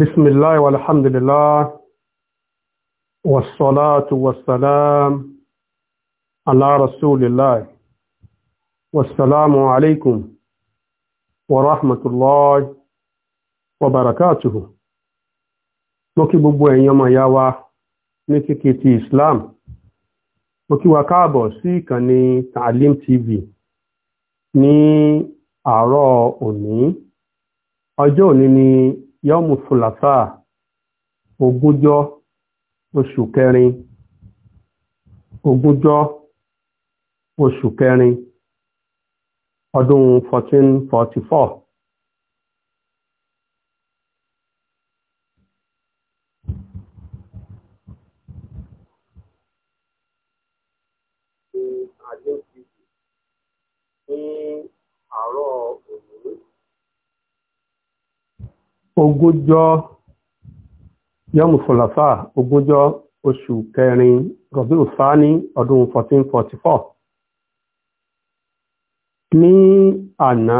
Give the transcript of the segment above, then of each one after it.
بسم الله والحمد لله والصلاة والسلام على رسول الله والسلام عليكم ورحمة الله وبركاته mo kí gbogbo ẹ̀yin ọmọ ìyá wa ní kíkí ti Islam mo kí wa káàbọ̀ sí ìkànnì Taalim TV ní àárọ̀ òní ọjọ́ òní ni yọ́mù fùlàfà ogúnjọ́ oṣù kẹrin ogúnjọ́ oṣù kẹrin ọdún 1444 àjọ ìdìbò ní àárọ̀ ogúnjọ́ yọmù fọlọ́fà ogúnjọ́ oṣù kẹrin rọ̀bíù sáni ọdún 1444 ní àná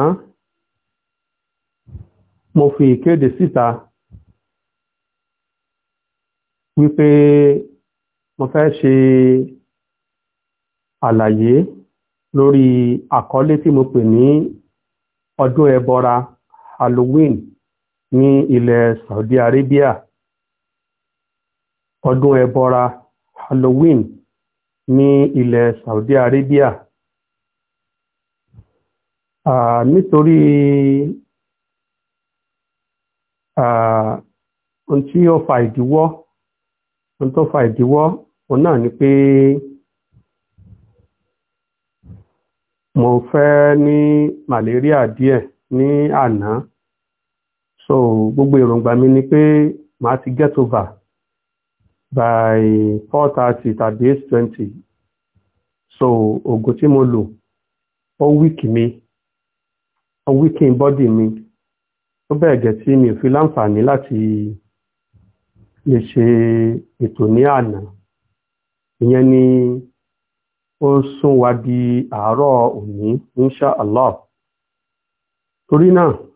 mo fi ìkéde síta wípé mo fẹ́ ṣe àlàyé lórí àkọlé tí mo pè ní ọdún ẹbọra Halloween ní ilẹ̀ Saudi Arabia ọdún ẹbọra Halloween ní ilẹ̀ Saudi Arabia uh, nítorí ohun tí ó fa ìdíwọ́ ohun tó fa ìdíwọ́ òun náà ni pé mo fẹ́ ní malaria díẹ̀ ní àná so gbogbo èròǹgbà mi ni pé màá ti get over by four thirty tàbí eight twenty so oògùn tí mo lò ó wíìkì mi ó wíìkì bọ́dì mi ó bẹ̀rẹ̀ gẹ̀ tí mi ò fi láǹfààní láti lè ṣe ètò ní àná ìyẹn ni ó sún wa di àárọ̀ òní insha allah torí náà.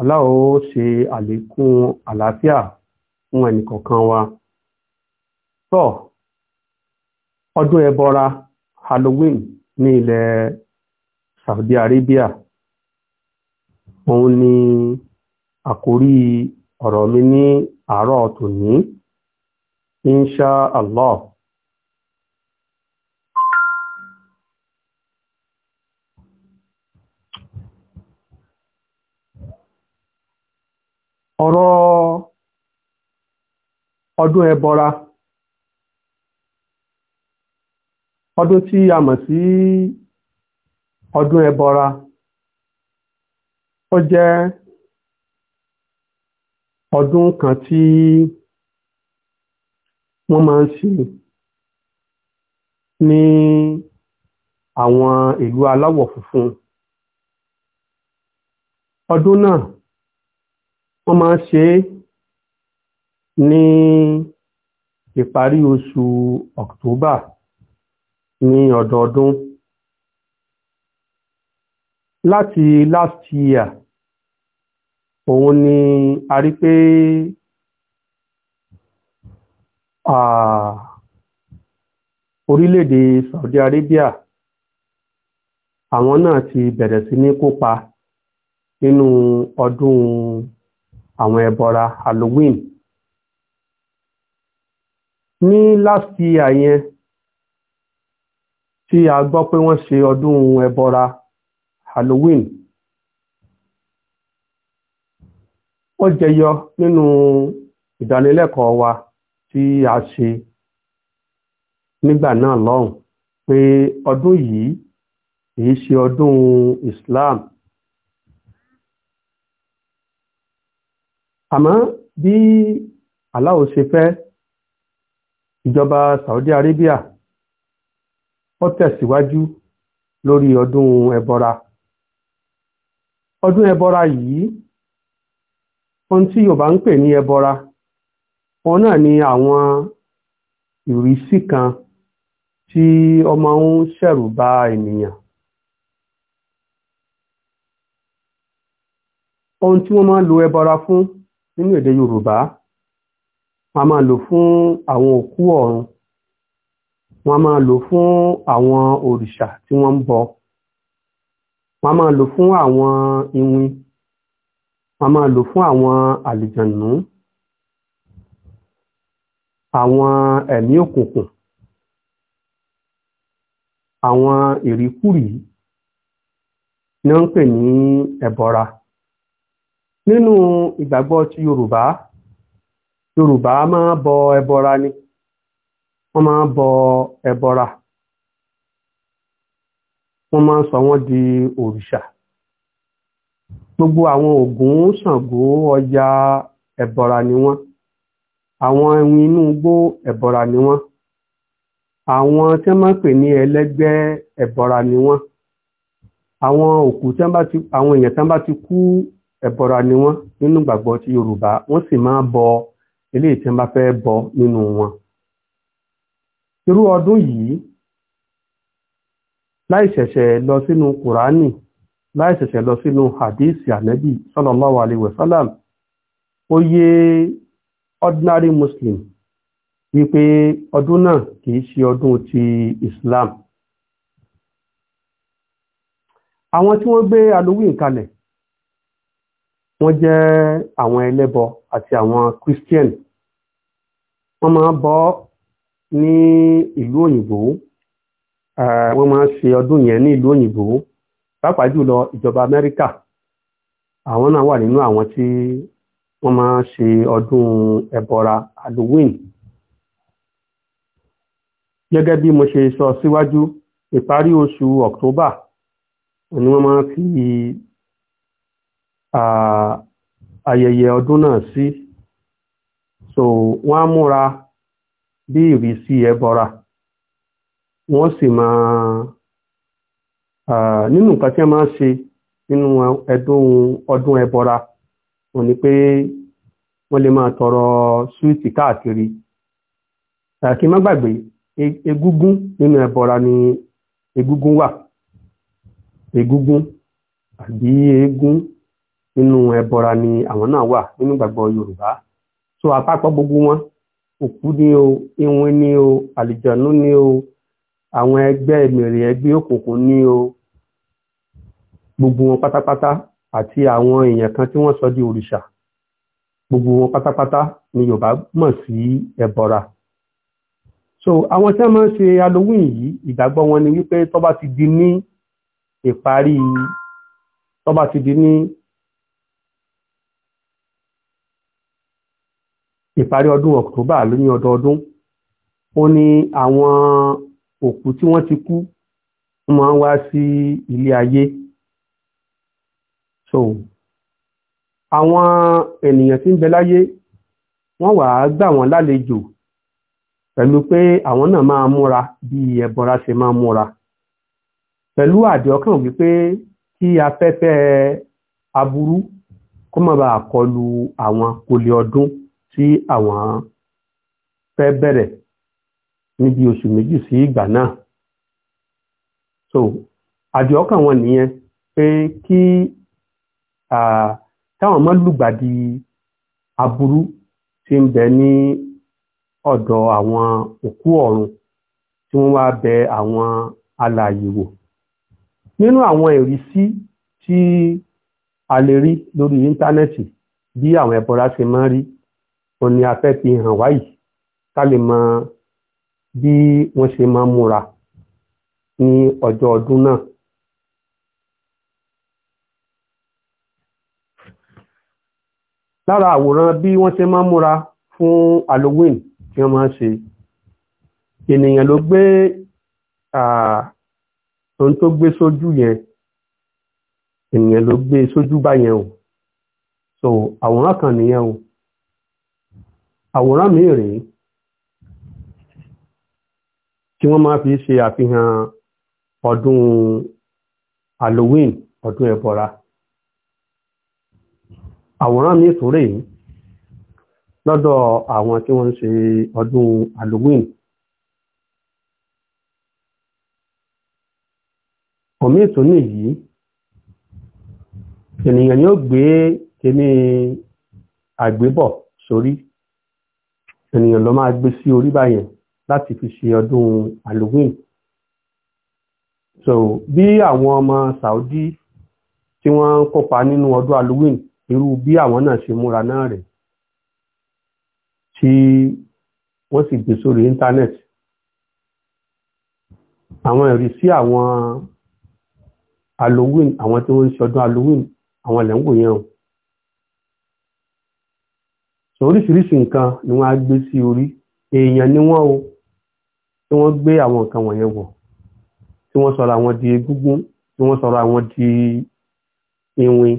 ala ó ṣe àlékún àlàáfíà fún ẹnìkọ̀ọ̀kan wa. tó ọdún ẹbọra Halloween ní ilẹ̀ Saudi Arabia òun ni àkórí ọ̀rọ̀ mi ní àárọ̀ tòní insha Allah. ọ̀rọ̀ ọdún ẹbọra ọdún tí a mọ̀ sí ọdún ẹbọra ó jẹ́ ọdún kan tí wọ́n máa ń ṣe ní àwọn ìlú aláwọ̀ funfun ọdún náà wọ́n máa ń ṣe é ní ìparí oṣù October ní ọdọọdún láti last year òun ni a rí pé orílẹ̀-èdè Saudi Arabia àwọn náà ti bẹ̀rẹ̀ sí ní kópa nínú ọdún àwọn ẹbọra Halloween ní láti year tí a gbọ́ pé wọ́n ṣe ọdún ẹbọra Halloween ó jẹyọ nínú ìdánilẹ́kọ̀ọ́ wa tí a ṣe nígbà náà lọ́hùn pé ọdún yìí kìí ṣe ọdún Islam àmọ́ bí Allah ṣe fẹ́ ìjọba Saudi Arabia ó tẹ̀síwájú lórí ọdún ẹbọra ọdún ẹbọra yìí ohun tí Yorùbá ń pè ní ẹbọra òun náà ni àwọn ìrísí kan tí ọmọ ń ṣẹ̀rù bà ènìyàn ohun tí wọ́n máa ń lo ẹbọra fún nínú èdè Yorùbá wọ́n a máa lò fún àwọn òkú ọ̀run wọ́n a máa lò fún àwọn òrìṣà tí wọ́n ń bọ wọ́n máa lò fún àwọn iwin wọ́n máa lò fún àwọn àlìjànú àwọn ẹ̀mí òkùnkùn àwọn ìríkùrí ni wọ́n ń pè ní ẹ̀bọra. E nínú ìgbàgbọ́ ti yorùbá yorùbá máa bọ ẹbọra ni wọ́n máa bọ ẹbọra wọ́n máa sọ wọ́n di òrìṣà gbogbo àwọn ògún ṣàngó ọya ẹbọra ni wọ́n àwọn ẹ̀wìn inú igbó ẹbọra ni wọ́n àwọn tí wọ́n máa ń pè ní ẹlẹ́gbẹ́ ẹbọra ni wọ́n àwọn òkú tí wọ́n bá ti àwọn èèyàn tí wọ́n bá ti kú ẹ̀bọ̀ra ni wọ́n nínú ìgbàgbọ́ ti Yorùbá wọ́n sì máa bọ eléyìí tí wọ́n bá fẹ́ bọ nínú wọn. irú ọdún yìí láì lọ sínú Kùránì láì lọ sínú Hadith Anabi sallallahu alayhi wa sallam ó yé ordinary Muslim wípé ọdún náà kìí ṣe ọdún ti Islam. àwọn tí wọ́n gbé Halloween kalẹ̀ wọ́n jẹ́ àwọn ẹlẹ́bọ àti àwọn christian wọ́n máa bọ ní ìlú òyìnbó wọ́n máa ṣe ọdún yẹn ní ìlú òyìnbó pàápàá jùlọ ìjọba amẹ́ríkà àwọn náà wà nínú àwọn tí wọ́n máa ṣe ọdún ẹbọra halloween gẹ́gẹ́ bí mo ṣe sọ síwájú ìparí oṣù october ni wọ́n máa fi ayẹyẹ ọdún náà sí so wọ́n á múra bí ìrísí ẹbọra wọ́n sì máa nínú nǹkan tí wọ́n máa ń ṣe nínú ọdún ẹbọra wọn ni pé wọ́n lè máa tọrọ súwìtì káàkiri kí má gbàgbé egungun nínú ẹbọra ni egungun wà egungun àbí eégún nínú ẹbọra ni àwọn náà wà nínú ìgbàgbọ́ Yorùbá so àpapọ̀ gbogbo wọn òkú ni o iwin ni o àlìjọ̀nú ni o àwọn ẹgbẹ́ mèrè ẹgbẹ́ òkùnkùn ni o gbogbo wọn pátápátá àti àwọn èèyàn kan tí wọ́n sọ di òrìṣà gbogbo wọn pátápátá ni Yorùbá mọ̀ sí ẹbọra so àwọn tí wọ́n máa ń ṣe Halloween yìí ìgbàgbọ́ wọn ni wípé tó bá ti di ní ìparí tó ti di ní ìparí ọdún October ló ní ọdọọdún ó ní àwọn òkú tí wọ́n ti kú máa ń wá sí ilé ayé so àwọn ènìyàn tí ń bẹ láyé wọ́n wàá gbà wọ́n lálejò pẹ̀lú pé àwọn náà máa múra bí ẹbọra ṣe máa múra pẹ̀lú àdéhọ́kàn wípé kí afẹ́fẹ́ aburú kó má bàa kọlu àwọn kòlè ọdún tí àwọn fẹ́ bẹ̀rẹ̀ níbi oṣù méjì sí ìgbà náà so àdìọ́kàn wọn nìyẹn pé kí táwọn mọ́ lùgbàdì aburú tí ń bẹ ní ọ̀dọ̀ àwọn òkú ọ̀run tí wọ́n wá bẹ àwọn alààyè wò nínú àwọn ìrísí tí a lè rí lórí íńtánẹ́ẹ̀tì bí àwọn ẹ̀bọra ṣe máa ń rí wọn ni a fẹ́ fi hàn wáyìí ká lè mọ bí wọ́n ṣe máa múra ní ọjọ́ ọdún náà. lára àwòrán bí wọ́n ṣe máa múra fún Halloween tí wọ́n máa ń ṣe ènìyàn ló gbé ohun tó gbé sójú yẹn ènìyàn ló gbé sójú báyẹn o so àwòrán kan nìyẹn o àwòrán mi rèé tí wọ́n máa fi ṣe àfihàn ọdún Halloween ọdún ẹ̀bọ̀ra àwòrán mi tún rèé lọ́dọ̀ àwọn tí wọ́n ń ṣe ọdún Halloween òmí ìtún nìyí ènìyàn ni ó gbé kíní àgbébọ̀ sórí. So ènìyàn lọ máa gbé sí orí báyẹn láti fi ṣe ọdún Halloween so bí àwọn ọmọ Saudi tí wọ́n ń kópa nínú ọdún Halloween irú bí àwọn náà ṣe múra náà rẹ̀ tí wọ́n sì gbé sórí internet àwọn ìrísí àwọn Halloween àwọn tí wọ́n ń ṣe ọdún Halloween àwọn lẹ́ńwò yẹn o oríṣiríṣi nǹkan ni wọ́n á gbé sí orí èèyàn ni wọ́n o tí wọ́n gbé àwọn nǹkan wọ̀nyẹn wọ̀ tí wọ́n sọra wọn di egúngún tí wọ́n sọra wọn di iwin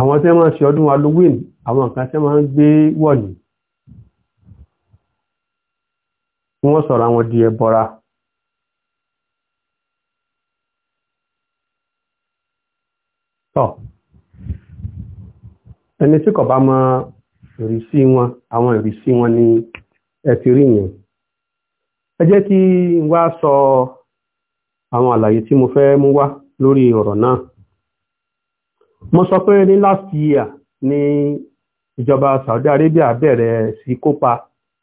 àwọn tẹ́ máa ṣe ọdún halloween àwọn nǹkan tẹ́ máa ń gbé wọ̀ ní wọ́n sọ̀rọ̀ àwọn di ẹbọra tọ́ ẹni tí kò bá mọ ìrísí wọn àwọn ìrísí wọn ni ẹ ti rí yẹn ẹ jẹ́ kí n wá sọ àwọn àlàyé tí mo fẹ́ mú wá lórí ọ̀rọ̀ náà mo sọ pé ní last year ní ìjọba Saudi Arabia bẹ̀rẹ̀ sí kópa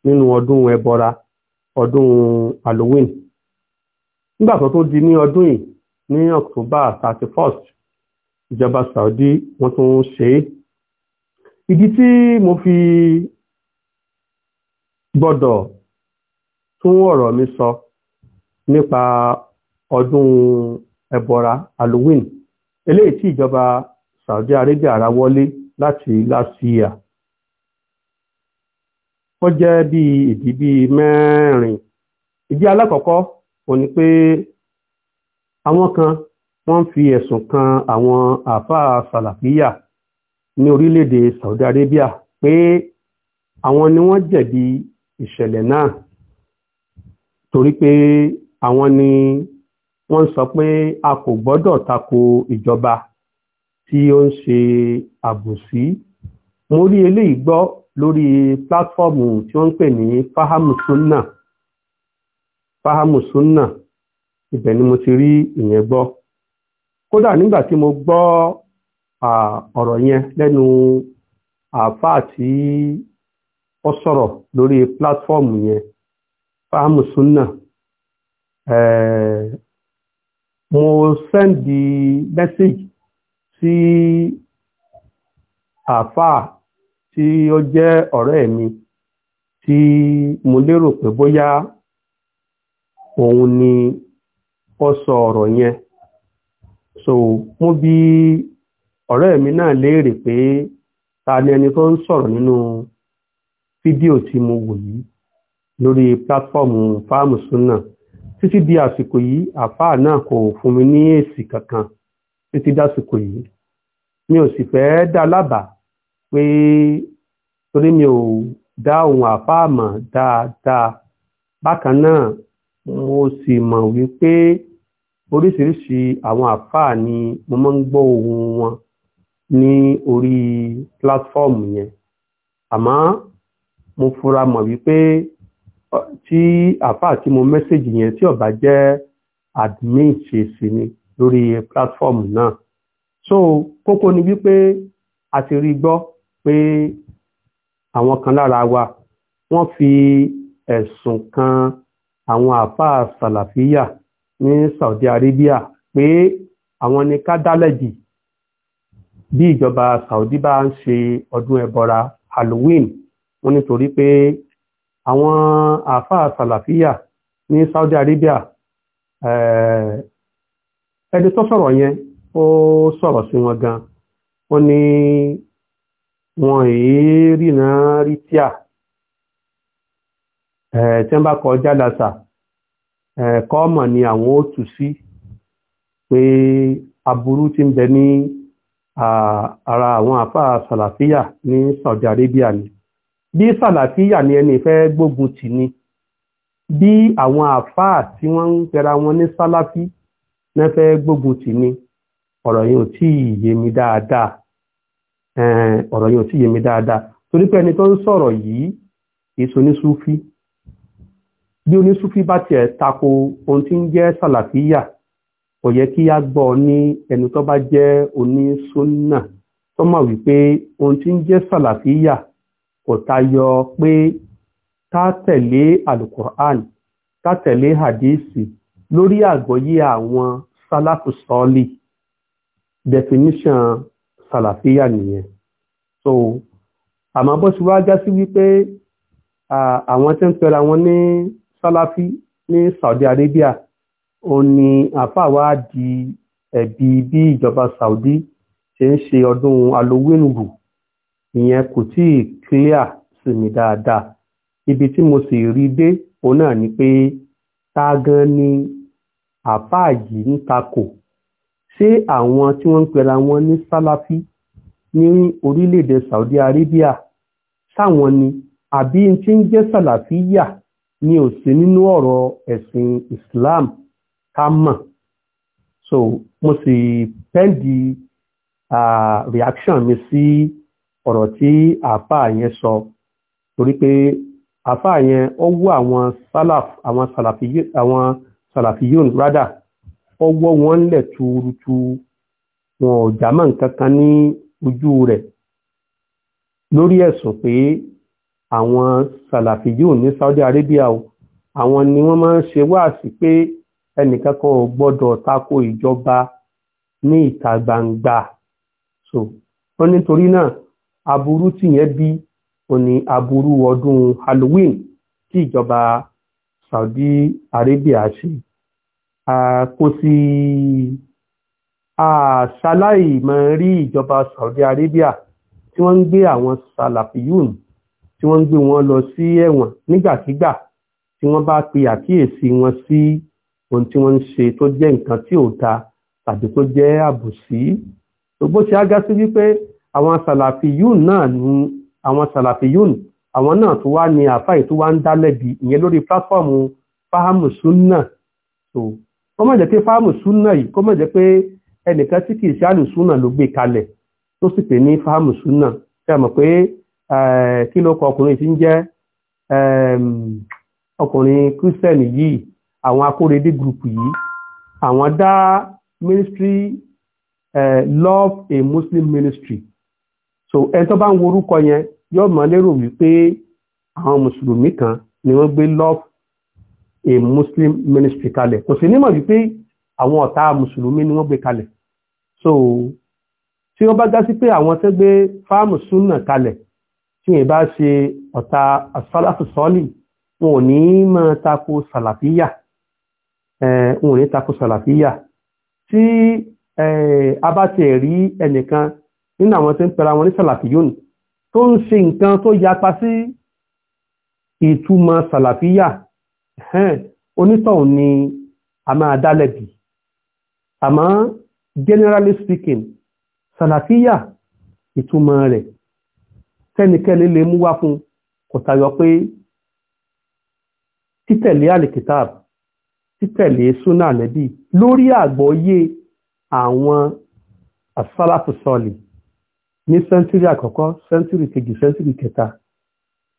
nínú ọdún ẹbọra ọdún Halloween nígbà tó tó di ní ọdún yìí ní October thirty first ìjọba Saudi wọ́n tún ṣe é ìdí tí mo fi gbọ́dọ̀ tún ọ̀rọ̀ mi sọ nípa ọdún ẹbọra Halloween eléyìí tí ìjọba Saudi Arabia ra wọlé láti Latvia ó jẹ́ bí ìdí bí mẹ́rin ìdí alákọ̀ọ́kọ́ òun ni pé àwọn kan wọ́n fi ẹ̀sùn kan àwọn àfáà sàlàfíà ní orílẹ̀-èdè Saudi Arabia pé àwọn ni wọ́n jẹ̀bi ìṣẹ̀lẹ̀ náà torí pé àwọn ni wọ́n sọ pé a kò gbọ́dọ̀ tako ìjọba tí ó ń ṣe àbòsí mo rí eléyìí gbọ́ lórí pílátífọ́ọ̀mù tí wọ́n ń pè ní fahamu sunna fahamu sunna ibẹ̀ ni mo ti rí ìyẹn gbọ́ kódà nígbà tí mo gbọ́ ọ̀rọ̀ yẹn lẹ́nu àáfàá tí ó sọ̀rọ̀ lórí pílátífọ́ọ̀mù yẹn fahamu sunna mo sẹ́ndì mẹ́sẹ̀gì sí afaa tí ó jẹ́ ọ̀rẹ́ mi tí mo lérò pé bóyá òun ni ó sọ ọ̀rọ̀ yẹn so mo bi ọ̀rẹ́ mi náà léèrè pé ta ni ẹni tó ń sọ̀rọ̀ nínú fídíò tí mo wò yìí lórí pílátífọ́ọ̀mù fáàmù súnà títí di àsìkò yìí àfáà náà kò fún mi ní èsì kankan títí dásìkò yìí mi ò sì fẹ́ dá lábàá pé torí mi ò dá ohun àfáàmọ̀ dáadáa bákan náà mo sì mọ̀ wípé oríṣiríṣi àwọn àfáà ni mo máa ń gbọ́ ohun wọn ní orí platform yẹn àmọ́ mo fura mọ̀ wípé tí àfáà tí mo mẹ́sẹ̀gì yẹn tí ó jẹ́ admin ṣe sí ni lórí platform náà so kókó ni wípé a ti rí gbọ́ pé àwọn kan lára wa wọ́n fi ẹ̀sùn kan àwọn àfáà sàlàfíà ní Saudi Arabia pé àwọn ni kádálẹ́jì bí ìjọba Saudi bá ń ṣe ọdún ẹbọra Halloween wọ́n nítorí pé àwọn àfáà sàlàfíà ní Saudi Arabia ẹni tó sọ̀rọ̀ yẹn ó sọ̀rọ̀ sí wọn gan ó ní wọn èé rìnà rí tíà tí wọ́n bá kọ jálásà kọ́ọ̀mọ̀ ni àwọn ó tù sí pé aburú ti ń bẹ ní ara àwọn àfáà sàlàfíà ní Saudi Arabia ni bí sàlàfíà ni ẹni fẹ́ gbógun tì ni bí àwọn àfáà tí wọ́n ń pera wọn ní sálàfí náà fẹ́ gbógun tì mí ọ̀rọ̀ yẹn ò tí ì yé mi dáadáa ọ̀rọ̀ yẹn ò tí ì yé mi dáadáa torí pé ẹni tó ń sọ̀rọ̀ yìí èso ní súfí bí onísúfí bá tiẹ̀ tako ohun tí ń jẹ́ sàlàfíyà kò yẹ kí á gbọ́ ní ẹni tó bá jẹ́ onísúnà tó mọ̀ wípé ohun tí ń jẹ́ sàlàfíyà kò tayọ pé ká tẹ̀lé alukur'an ká tẹ̀lé hadisi lórí àgbọ́yé àwọn sálàfù sọ́ọ̀lì definition sàlàfíà nìyẹn so àmọ́ bó ṣe wá já sí wípé àwọn tí ń pera wọn ní sálàfí ní Saudi Arabia ó ní àfáà di ẹ̀bi bí ìjọba Saudi ṣe ń ṣe ọdún alowínrù ìyẹn kò tí ì clear sí mi dáadáa ibi tí mo sì rí dé òun náà ni pé tá gan àfáà yìí ń takò ṣé àwọn tí wọ́n ń pera wọn ní sálàfí ní orílẹ̀-èdè Saudi Arabia sáwọn ni àbí tí ń jẹ́ sàlàfíyà ni ò sí nínú ọ̀rọ̀ ẹ̀sìn Islam ká mọ̀ so mo sì pẹ́ndì reaction mi sí ọ̀rọ̀ tí àáfàá yẹn sọ torí pé àáfàá yẹn ó wú àwọn sálàf àwọn sàlàfíyà àwọn salafiyun rádà ọwọ́ wọn lẹ̀ tuurutu wọn ò jámọ́ nǹkan kan ní ojú rẹ̀ lórí ẹ̀sùn pé àwọn salafiyun ní Saudi Arabia o àwọn ni wọ́n máa ń ṣe wáàsí pé ẹnìkan kan ò gbọ́dọ̀ tako ìjọba ní ìta gbangba so wọ́n nítorí náà aburú tìyẹn bí òní aburú ọdún Halloween tí ìjọba Saudi Arabia ṣe kò sí àṣàláì mọ̀ rí ìjọba Saudi Arabia tí wọ́n ń gbé àwọn salafiyun tí wọ́n ń gbé wọn lọ sí ẹ̀wọ̀n nígbàkigbà tí wọ́n bá pe àkíyèsí wọn sí ohun tí wọ́n ń ṣe tó jẹ́ nǹkan tí ò ta tàbí tó jẹ́ àbòsí gbogbo ṣe á gá sí wípé àwọn salafiyun náà ní àwọn salafiyun àwọn náà tó wá ní àfáì tó wá ń dá lẹ́bi ìyẹn lórí pílátífọ́ọ̀mù fáhámù súnà tó kó má jẹ́ pé fáhámù súnà yìí kó má jẹ́ pé ẹnìkan tí kì ṣáàlù súnà ló gbé kalẹ̀ tó sì pè ní fáhámù súnà ṣe mọ̀ pé kí ló kọ ọkùnrin ń jẹ́ ọkùnrin yìí àwọn love a muslim ministry so ẹni tó bá ń yóò máa lérò wípé àwọn mùsùlùmí kan ni wọ́n gbé love a muslim ministry kalẹ̀ kò sí nímọ̀ wípé àwọn ọ̀tá mùsùlùmí ni wọ́n gbé kalẹ̀ so tí wọ́n bá dásí pé àwọn tó gbé fáàmù súnà kalẹ̀ tí wọ́n bá ṣe ọ̀tá asfalafusọ́lì wọn ò ní máa tako sàlàfíyà wọn ò ní tako sàlàfíyà tí a bá ti rí ẹnìkan nínú àwọn tó ń pera wọn ní sàlàfíyónì tó ń ṣe nǹkan tó yapa sí ìtumọ̀ sàlàfíyà onítọ̀hún ni a máa dálẹ̀bì àmọ́ generally speaking sàlàfíyà ìtumọ̀ rẹ̀ tẹ́nikẹ́ni lè mú wá fún kò tayọ pé títẹ̀lé àlìkìtàb títẹ̀lé súnà nẹ́bí lórí àgbọ́yé àwọn asálàfùsọ́lì ní sẹ́ńtúrì àkọ́kọ́ sẹ́ńtúrì kejì sẹ́ńtúrì kẹta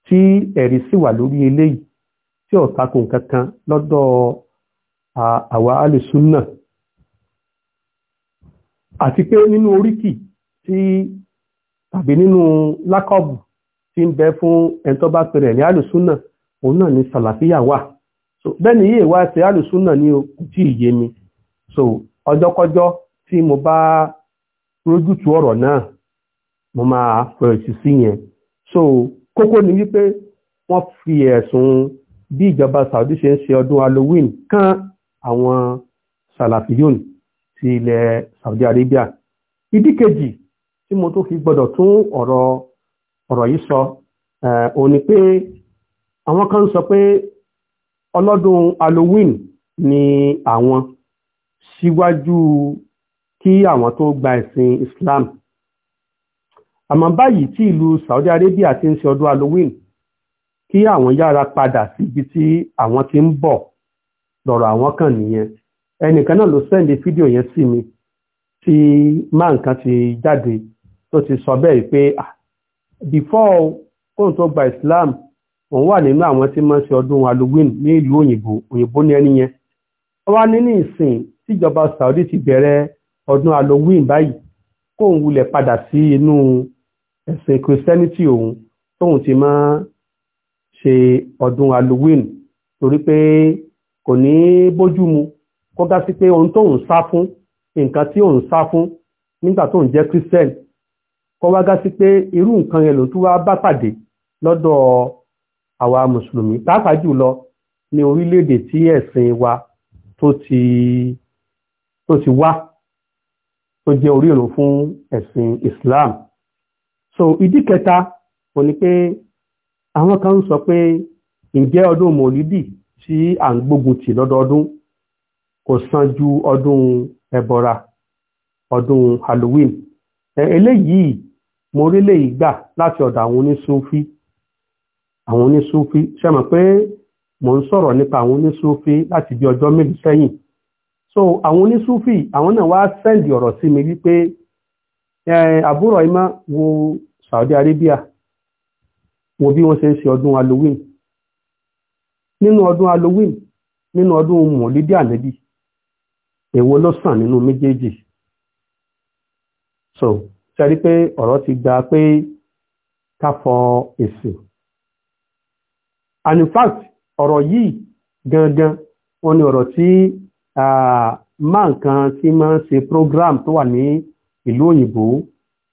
tí ẹ̀rí sì wà lórí eléyìí tí ò tako nǹkan kan lọ́dọ̀ àwa alùsùnà àti pé nínú oríkì tí tàbí nínú lákọ̀bù tí ń bẹ fún ẹni tó bá pèrè ní alùsùnà òun náà ni sàlàfíà wà so bẹ́ẹ̀ ni yìí wá ṣe alùsùnà ni o kò tí ì ọjọ́kọ́jọ́ tí mo bá rójútu ọ̀rọ̀ náà mo máa fẹ̀sì sí yẹn so kókó ni wípé wọ́n fi ẹ̀sùn bí ìjọba Saudi ṣe ń ṣe ọdún Halloween kan àwọn salafiyun ti ilẹ̀ Saudi Arabia ìdí kejì tí mo tó fi gbọdọ̀ tún ọ̀rọ̀ ọ̀rọ̀ yìí sọ òun ni pé àwọn kan sọ pé ọlọ́dún Halloween ni àwọn síwájú kí àwọn tó gba ẹ̀sìn Islam àmọ́ báyìí tí ìlú Saudi Arabia ti ń ṣe ọdún Halloween kí àwọn yára padà síbi tí àwọn ti ń bọ̀ lọ́rọ̀ àwọn kan nìyẹn ẹnìkan náà ló sẹ́ndé fídíò yẹn sí mi tí máa nǹkan ti jáde tó ti sọ bẹ́ẹ̀ pé before kóun tó gba Islam òun wà nínú àwọn tí máa ń ṣe ọdún Halloween ní ìlú òyìnbó òyìnbó ní ẹni yẹn wọ́n wá ní ìsìn tíjọba Saudi ti bẹ̀rẹ̀ ọdún Halloween báyìí kóun wulẹ̀ padà sí inú ẹ̀sìn Christianity òun tóun ti máa ṣe ọdún Halloween torí pé kò ní bójú mu kó gá sí pé ohun tóun sá fún nǹkan tí òun sá fún nígbà tóun jẹ́ Christian kó wá gá sí pé irú nǹkan yẹn lòun tún wá bá pàdé lọ́dọ̀ àwa mùsùlùmí pàápàá jùlọ ní orílẹ̀-èdè tí ẹ̀sìn wa tó ti tó ti wá tó jẹ́ orírun fún ẹ̀sìn Islam so ìdí kẹta ó ní pé àwọn kan ń sọ pé ǹjẹ́ ọdún mòlídì tí à ń gbógun tì lọ́dọọdún kò san ju ọdún ẹbọra ọdún Halloween eléyìí mo rí léyìí gbà láti ọ̀dọ̀ àwọn onísúfí àwọn onísúfí ṣe mọ̀ pé mo ń sọ̀rọ̀ nípa àwọn onísúfí láti bí ọjọ́ mélòó sẹ́yìn so àwọn onísúfí àwọn náà wá sẹ́ǹdì ọ̀rọ̀ sí mi wípé àbúrò ìmá wo Saudi Arabia wo bí wọ́n ṣe ń ṣe ọdún Halloween nínú ọdún Halloween nínú ọdún mọ̀lídé ànẹ́bí èwo ló sàn nínú méjèèjì so ṣẹ́rí pé ọ̀rọ̀ ti gba pé káfọ ẹ̀sìn and in fact ọ̀rọ̀ yìí gangan wọn ni ọ̀rọ̀ tí máa nǹkan tí máa ń ṣe program tó wà ní ìlú òyìnbó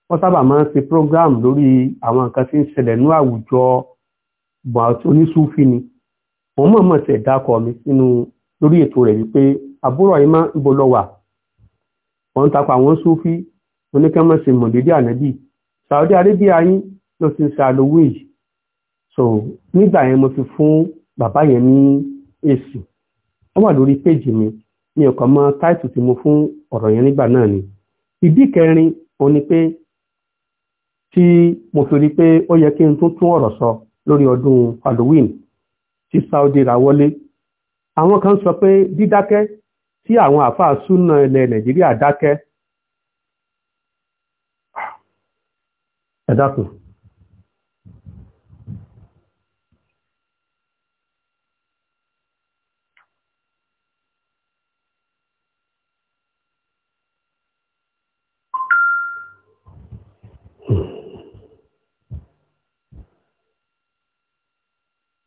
wọ́n sábà máa ń ṣe program lórí àwọn nǹkan tí ń ṣẹlẹ̀ ní àwùjọ oníṣúfì ni wọ́n mọ̀ mọ̀ tẹ̀ dákọ̀ mi sínú lórí ètò rẹ̀ wípé àbúrò ìmọ̀ ibo lọ wà wọ́n ń takọ àwọn súfì oníkẹ́mọ̀sí mọ̀lẹ́dí ànábì Saudi Arabia yín ló ti ń ṣe Halloween yìí so nígbà yẹn mo fi fún bàbá yẹn ní èsì ó wà lórí péjì mi mi ò kàn mọ táìtù tí mo fún ọ̀rọ̀ yẹn nígbà náà ni ìdí kẹrin òun ni pé tí mo fi rí pé ó yẹ kí n tún tún ọ̀rọ̀ sọ lórí ọdún Halloween tí Saudi ra wọlé àwọn kan sọ pé dídákẹ́ tí àwọn àfáà súnà ilẹ̀ Nàìjíríà dákẹ́ ẹ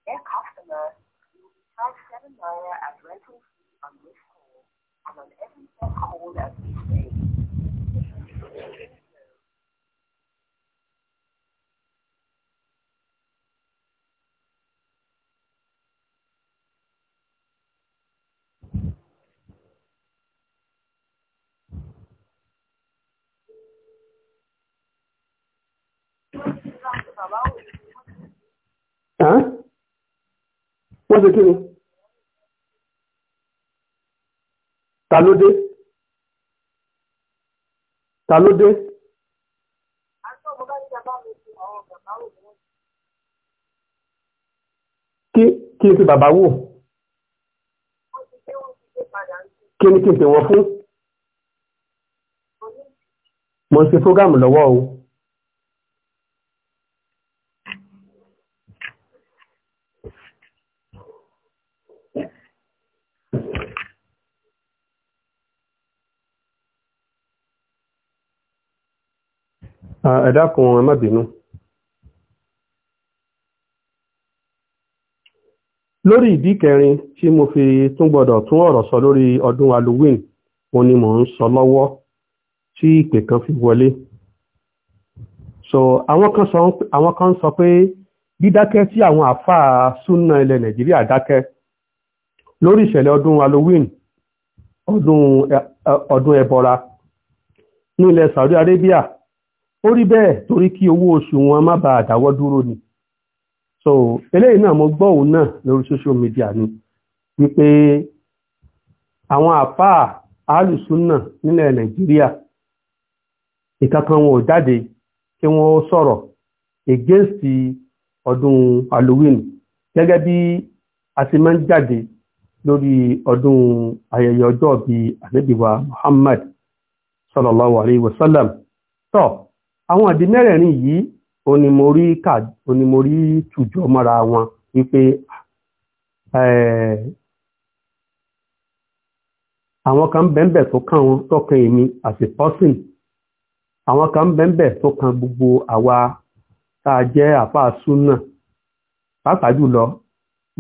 Their customers will be charged seven naira as rental fee on this call and on every call that we make. wọ́n ṣe kí ni ta ló dé ta ló dé. kí kí n fi bàbá wò kí ni kí n pè wọ́n fún mo ń ṣe fúgàmù lọ́wọ́ o. ẹ dákun ẹ má bínú. lórí ìdí kẹrin tí mo fi tún gbọ́dọ̀ tún ọ̀rọ̀ sọ lórí ọdún halloween òun ni mò ń sọ lọ́wọ́ tí ìpè kan fi wọlé so àwọn kan sọ pé dídákẹ́ tí àwọn àfáà súnà ilẹ̀ nàìjíríà dákẹ́ lórí ìṣẹ̀lẹ̀ ọdún halloween ọdún ẹbọra ní ilẹ̀ saudi arabia ó rí bẹ́ẹ̀ torí kí owó oṣù wọn má bàa dáwọ́ dúró ni so eléyìí náà mo gbọ́ òun náà lórí social media ni wípé àwọn àfáà alùsùnà nílẹ̀ nàìjíríà ìkankan wọn ò jáde kí wọ́n sọ̀rọ̀ against ọdún halloween gẹ́gẹ́ bí a ti máa ń jáde lórí ọdún ayẹyẹ ọjọ́ bíi ànábì muhammad sallallahu alayhi wa sallam tọ́ so, àwọn ìdí mẹ́rẹ̀ẹ̀rin yìí onímọ̀rí kà onímọ̀rí tùjọ mọ́ra wọn wípé àwọn kan bẹ́ẹ̀nbẹ̀ tó kàn wọn tó kàn èmi as a person àwọn kan bẹ́ẹ̀nbẹ̀ tó kàn gbogbo àwa tá jẹ́ àfáà súnà pàápàá jùlọ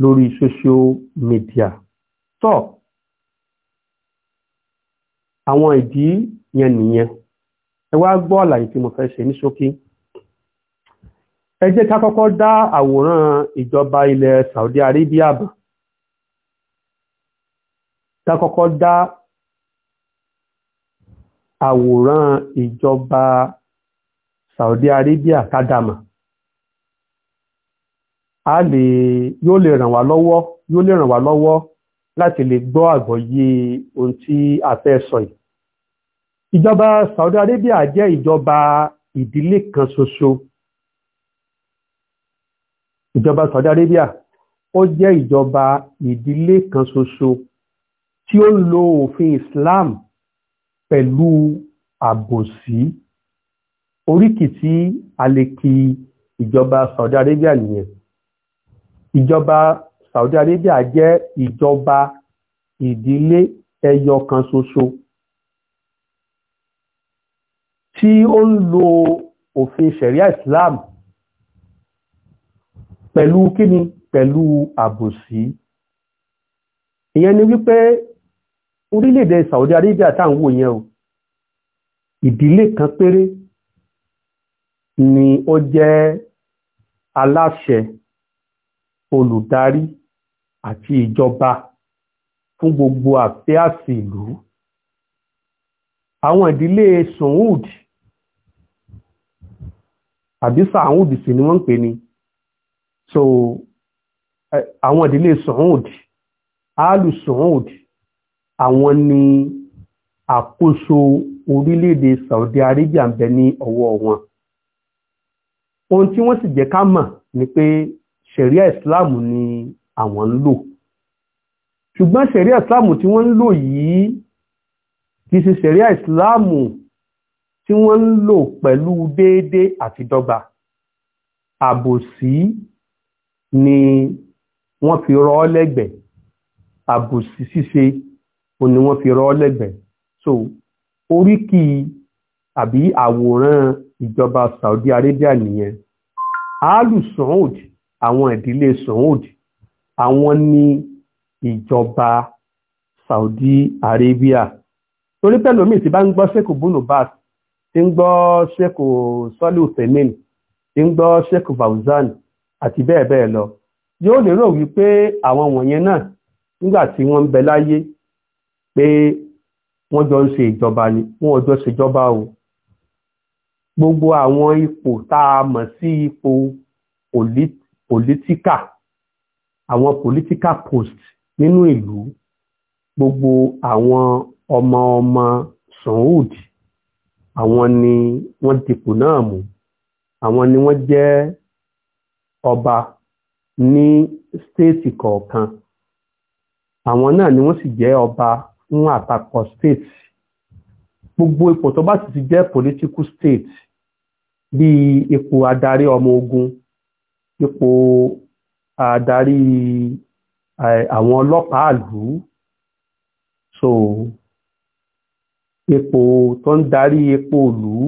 lórí social media tó àwọn ìdí yẹn nìyẹn ẹ wá gbọ́ àlàyé tí mo fẹ́ ṣe ní ṣókí ẹ jẹ́ ká kọ́kọ́ dá àwòrán ìjọba ilẹ̀ Saudi Arabia bọ̀ ká kọ́kọ́ dá àwòrán ìjọba Saudi Arabia kádàmà a lè yóò lè ràn wá lọ́wọ́ yóò lè ràn wá lọ́wọ́ láti lè gbọ́ àgbọ́yé ohun tí a fẹ́ sọ yìí ìjọba Saudi Arabia jẹ́ ìjọba ìdílé kan ṣoṣo ìjọba Saudi Arabia ó jẹ́ ìjọba ìdílé kan ṣoṣo tí ó ń lo òfin Islam pẹ̀lú àbòsí oríkì tí a lè ìjọba Saudi Arabia nìyẹn ìjọba Saudi Arabia jẹ́ ìjọba ìdílé ẹyọ kan ṣoṣo tí ó ń lo òfin ṣẹ̀ríà Islam pẹ̀lú kíni pẹ̀lú àbòsí ìyẹn ni wípé orílẹ̀-èdè Saudi Arabia tá à ń wò yẹn o ìdílé kan péré ni ó jẹ́ aláṣẹ olùdarí àti ìjọba fún gbogbo àfíàsì ìlú àwọn ìdílé Saud àbí sàúdì sí ni wọ́n ń pè ní so àwọn ìdílé sàúdì áàlù sàúdì àwọn ni àkóso orílẹ̀-èdè Saudi Arabia ń bẹ ní ọwọ́ wọn ohun tí wọ́n sì jẹ́ ká mọ̀ ni pé ṣẹ̀ríà Islam ni àwọn ń lò ṣùgbọ́n ṣẹ̀ríà Islam tí wọ́n ń lò yìí kì í ṣe ṣẹ̀ríà Islam tí wọ́n ń lò pẹ̀lú déédé àti dọ́gba àbòsí ni wọ́n fi rọ́ lẹ́gbẹ̀ẹ́ àbòsí ṣíṣe ò ní wọ́n fi rọ́ lẹ́gbẹ̀ẹ́ so oríkì àbí àwòrán ìjọba Saudi Arabia nìyẹn aálù Saud àwọn ìdílé Saud àwọn ni ìjọba Saudi Arabia torí pẹ̀lú omi ìsìn bá ń gbọ́ sẹ́kù bùnú báàsì tí ń gbọ́ sheikh sọ́lù tẹ̀mín tí ń gbọ́ sheikh fauzan àti bẹ́ẹ̀ bẹ́ẹ̀ lọ yóò lérò wípé àwọn wọ̀nyẹn náà nígbà tí wọ́n ń bẹ láyé pé wọ́n jọ ń ṣe ìjọba ni wọ́n jọ ṣèjọba o gbogbo àwọn ipò tá a mọ̀ sí ipò pòlítíkà àwọn political post nínú ìlú gbogbo àwọn ọmọ ọmọ Saudi àwọn ni wọ́n dipò náà mú àwọn ni wọ́n jẹ́ ọba ní stéètì kọ̀ọ̀kan àwọn náà ni wọ́n sì jẹ́ ọba fún àpapọ̀ stéètì gbogbo ipò tó bá sì ti jẹ́ political state bíi ipò adarí ọmọ ogun ipò adarí eh, àwọn ọlọ́pàá ìlú so epo tó ń darí epo òlú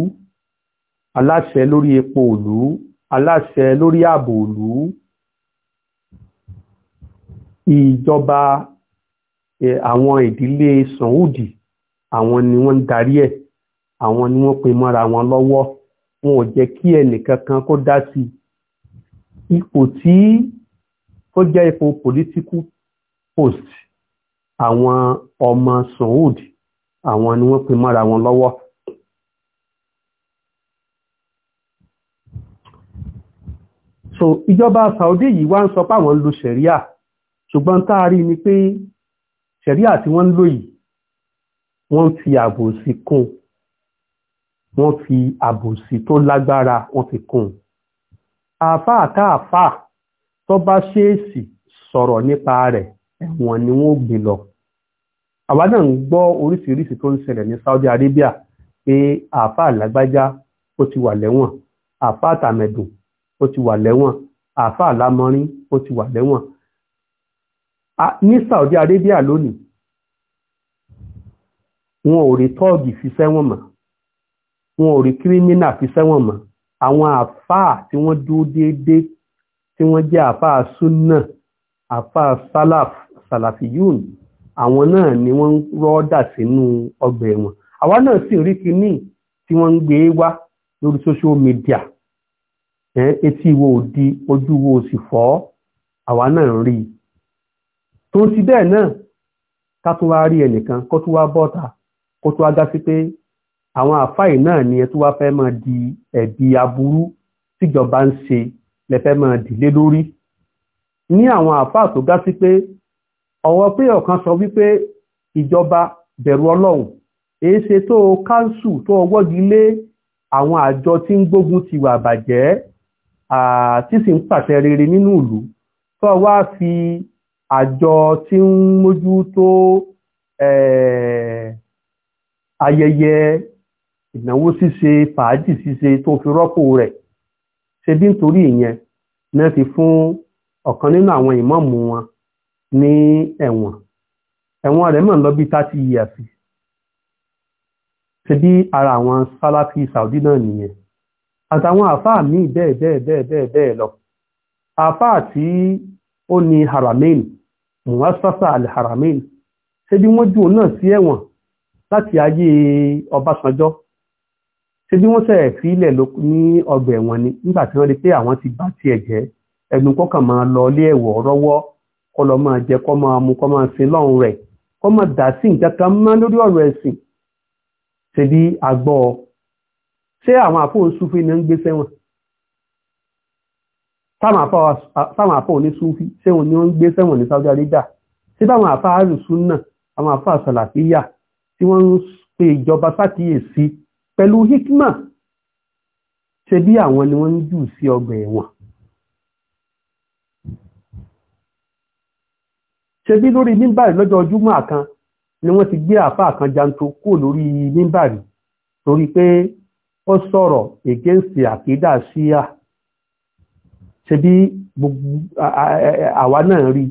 aláṣẹ lórí epo òlú aláṣẹ lórí ààbò òlú ìjọba àwọn ìdílé Saudi àwọn ni wọ́n ń darí ẹ̀ àwọn ni wọ́n pe mọ́ra wọn lọ́wọ́ wọn ò jẹ́ kí ẹnìkankan kó dá sí ipò tí ó jẹ́ ipò political post àwọn ọmọ Saudi àwọn ni wọ́n pin mọ́ra wọn lọ́wọ́ so ìjọba Saudi yìí wá ń sọ páwọn ń lo ṣẹ̀ríà ṣùgbọ́n tá a rí ni pé ṣẹ̀ríà tí wọ́n ń lò yìí wọ́n ń fi àbòsí kún wọ́n fi àbòsí tó lágbára wọ́n fi kún àáfàá káàfàá tó bá ṣèèsì sọ̀rọ̀ nípa rẹ̀ ẹ̀wọ̀n ni wọ́n gbé àwa náà ń gbọ́ oríṣiríṣi tó ń ṣẹlẹ̀ ní Saudi Arabia pé àáfàá lágbájá ó ti wà lẹ́wọ̀n àáfàá tàmẹ̀dùn ó ti wà lẹ́wọ̀n àáfàá lámọrin ó ti wà lẹ́wọ̀n ní Saudi Arabia lónìí wọn ò rí tọ́ọ̀gì fi sẹ́wọ̀n mọ́ wọn ò rí kírímínà fi sẹ́wọ̀n mọ́ àwọn àáfàá tí wọ́n dúró déédéé tí wọ́n jẹ́ àáfàá súnà àáfàá sálàf sàlàfíyùn àwọn náà ni wọ́n ń rọ́ọ̀dà sínú ọgbà ẹ̀wọ̀n àwa náà sì rí kinní tí wọ́n ń gbé wá lórí social media etí wo ò di ojú wo ò sì fọ́ àwa náà rí i tó ti bẹ́ẹ̀ náà ká tún wá rí ẹnìkan kó tún wá bọ́ta kó tún wá dá sí pé àwọn àfáì náà ni ẹ tún wá fẹ́ máa di ẹ̀bi aburú tíjọba ń ṣe lẹ́fẹ́ máa dìlé lórí ní àwọn àfáà tó dá sí pé ọ̀wọ́ pé ọ̀kan sọ wípé ìjọba bẹ̀rù ọlọ́run èéṣe tó káńsù tó ọwọ́gi lé àwọn àjọ tí ń gbógun ti wà bàjẹ́ tí sì ń pàṣẹ rere nínú ìlú tó wá fi àjọ tí ń mójú tó ayẹyẹ ìnáwó fàájì tó fi rọ́pò rẹ̀ ṣe bí nítorí ìyẹn fún ọ̀kan nínú àwọn wọn ní ẹ̀wọ̀n ẹ̀wọ̀n rẹ̀ mọ̀ lọ bí 30 years ṣe bí ara àwọn Salafi Saudi náà nìyẹn àtàwọn àfáà míì bẹ́ẹ̀ bẹ́ẹ̀ bẹ́ẹ̀ bẹ́ẹ̀ lọ àfáà tí ó ní Haramain Muwassasa al-Haramain ṣe bí wọ́n jù náà sí ẹ̀wọ̀n láti ayé Ọbásanjọ́ ṣe bí wọ́n fílẹ̀ ni nígbà tí wọ́n rí pé àwọn ti bá tiẹ̀ jẹ́ kọ́kàn máa lọ ilé kó lọ máa jẹ kó máa mu kó máa sin lọ́run rẹ̀ kó máa dà sí nǹkan kan mọ́ lórí ọ̀rọ̀ ẹ̀sìn ṣe bí agbọ́ ọ ṣé àwọn àfóhùn súfì ni ń gbé sẹ́wọ̀n táwọn àfóhùn ní sẹ́wọ̀n ni ó ń gbé sẹ́wọ̀n ní Saudi Arabia ṣé báwọn àfáàrù súnà àwọn àfáà sàlàfíyà tí wọ́n ń pe ìjọba sàkíyèsí pẹ̀lú hikma ṣe bí àwọn ni wọ́n ń jù sí ọgbà ẹ̀wọ̀n ṣebí lórí mímbàrí lọ́jọ́ ọjúmọ́ àkan ni wọ́n ti gbé àfáà kan janto kó lórí mímbàrí torí pé ó sọ̀rọ̀ against àkídà síyà ṣebí àwa náà rí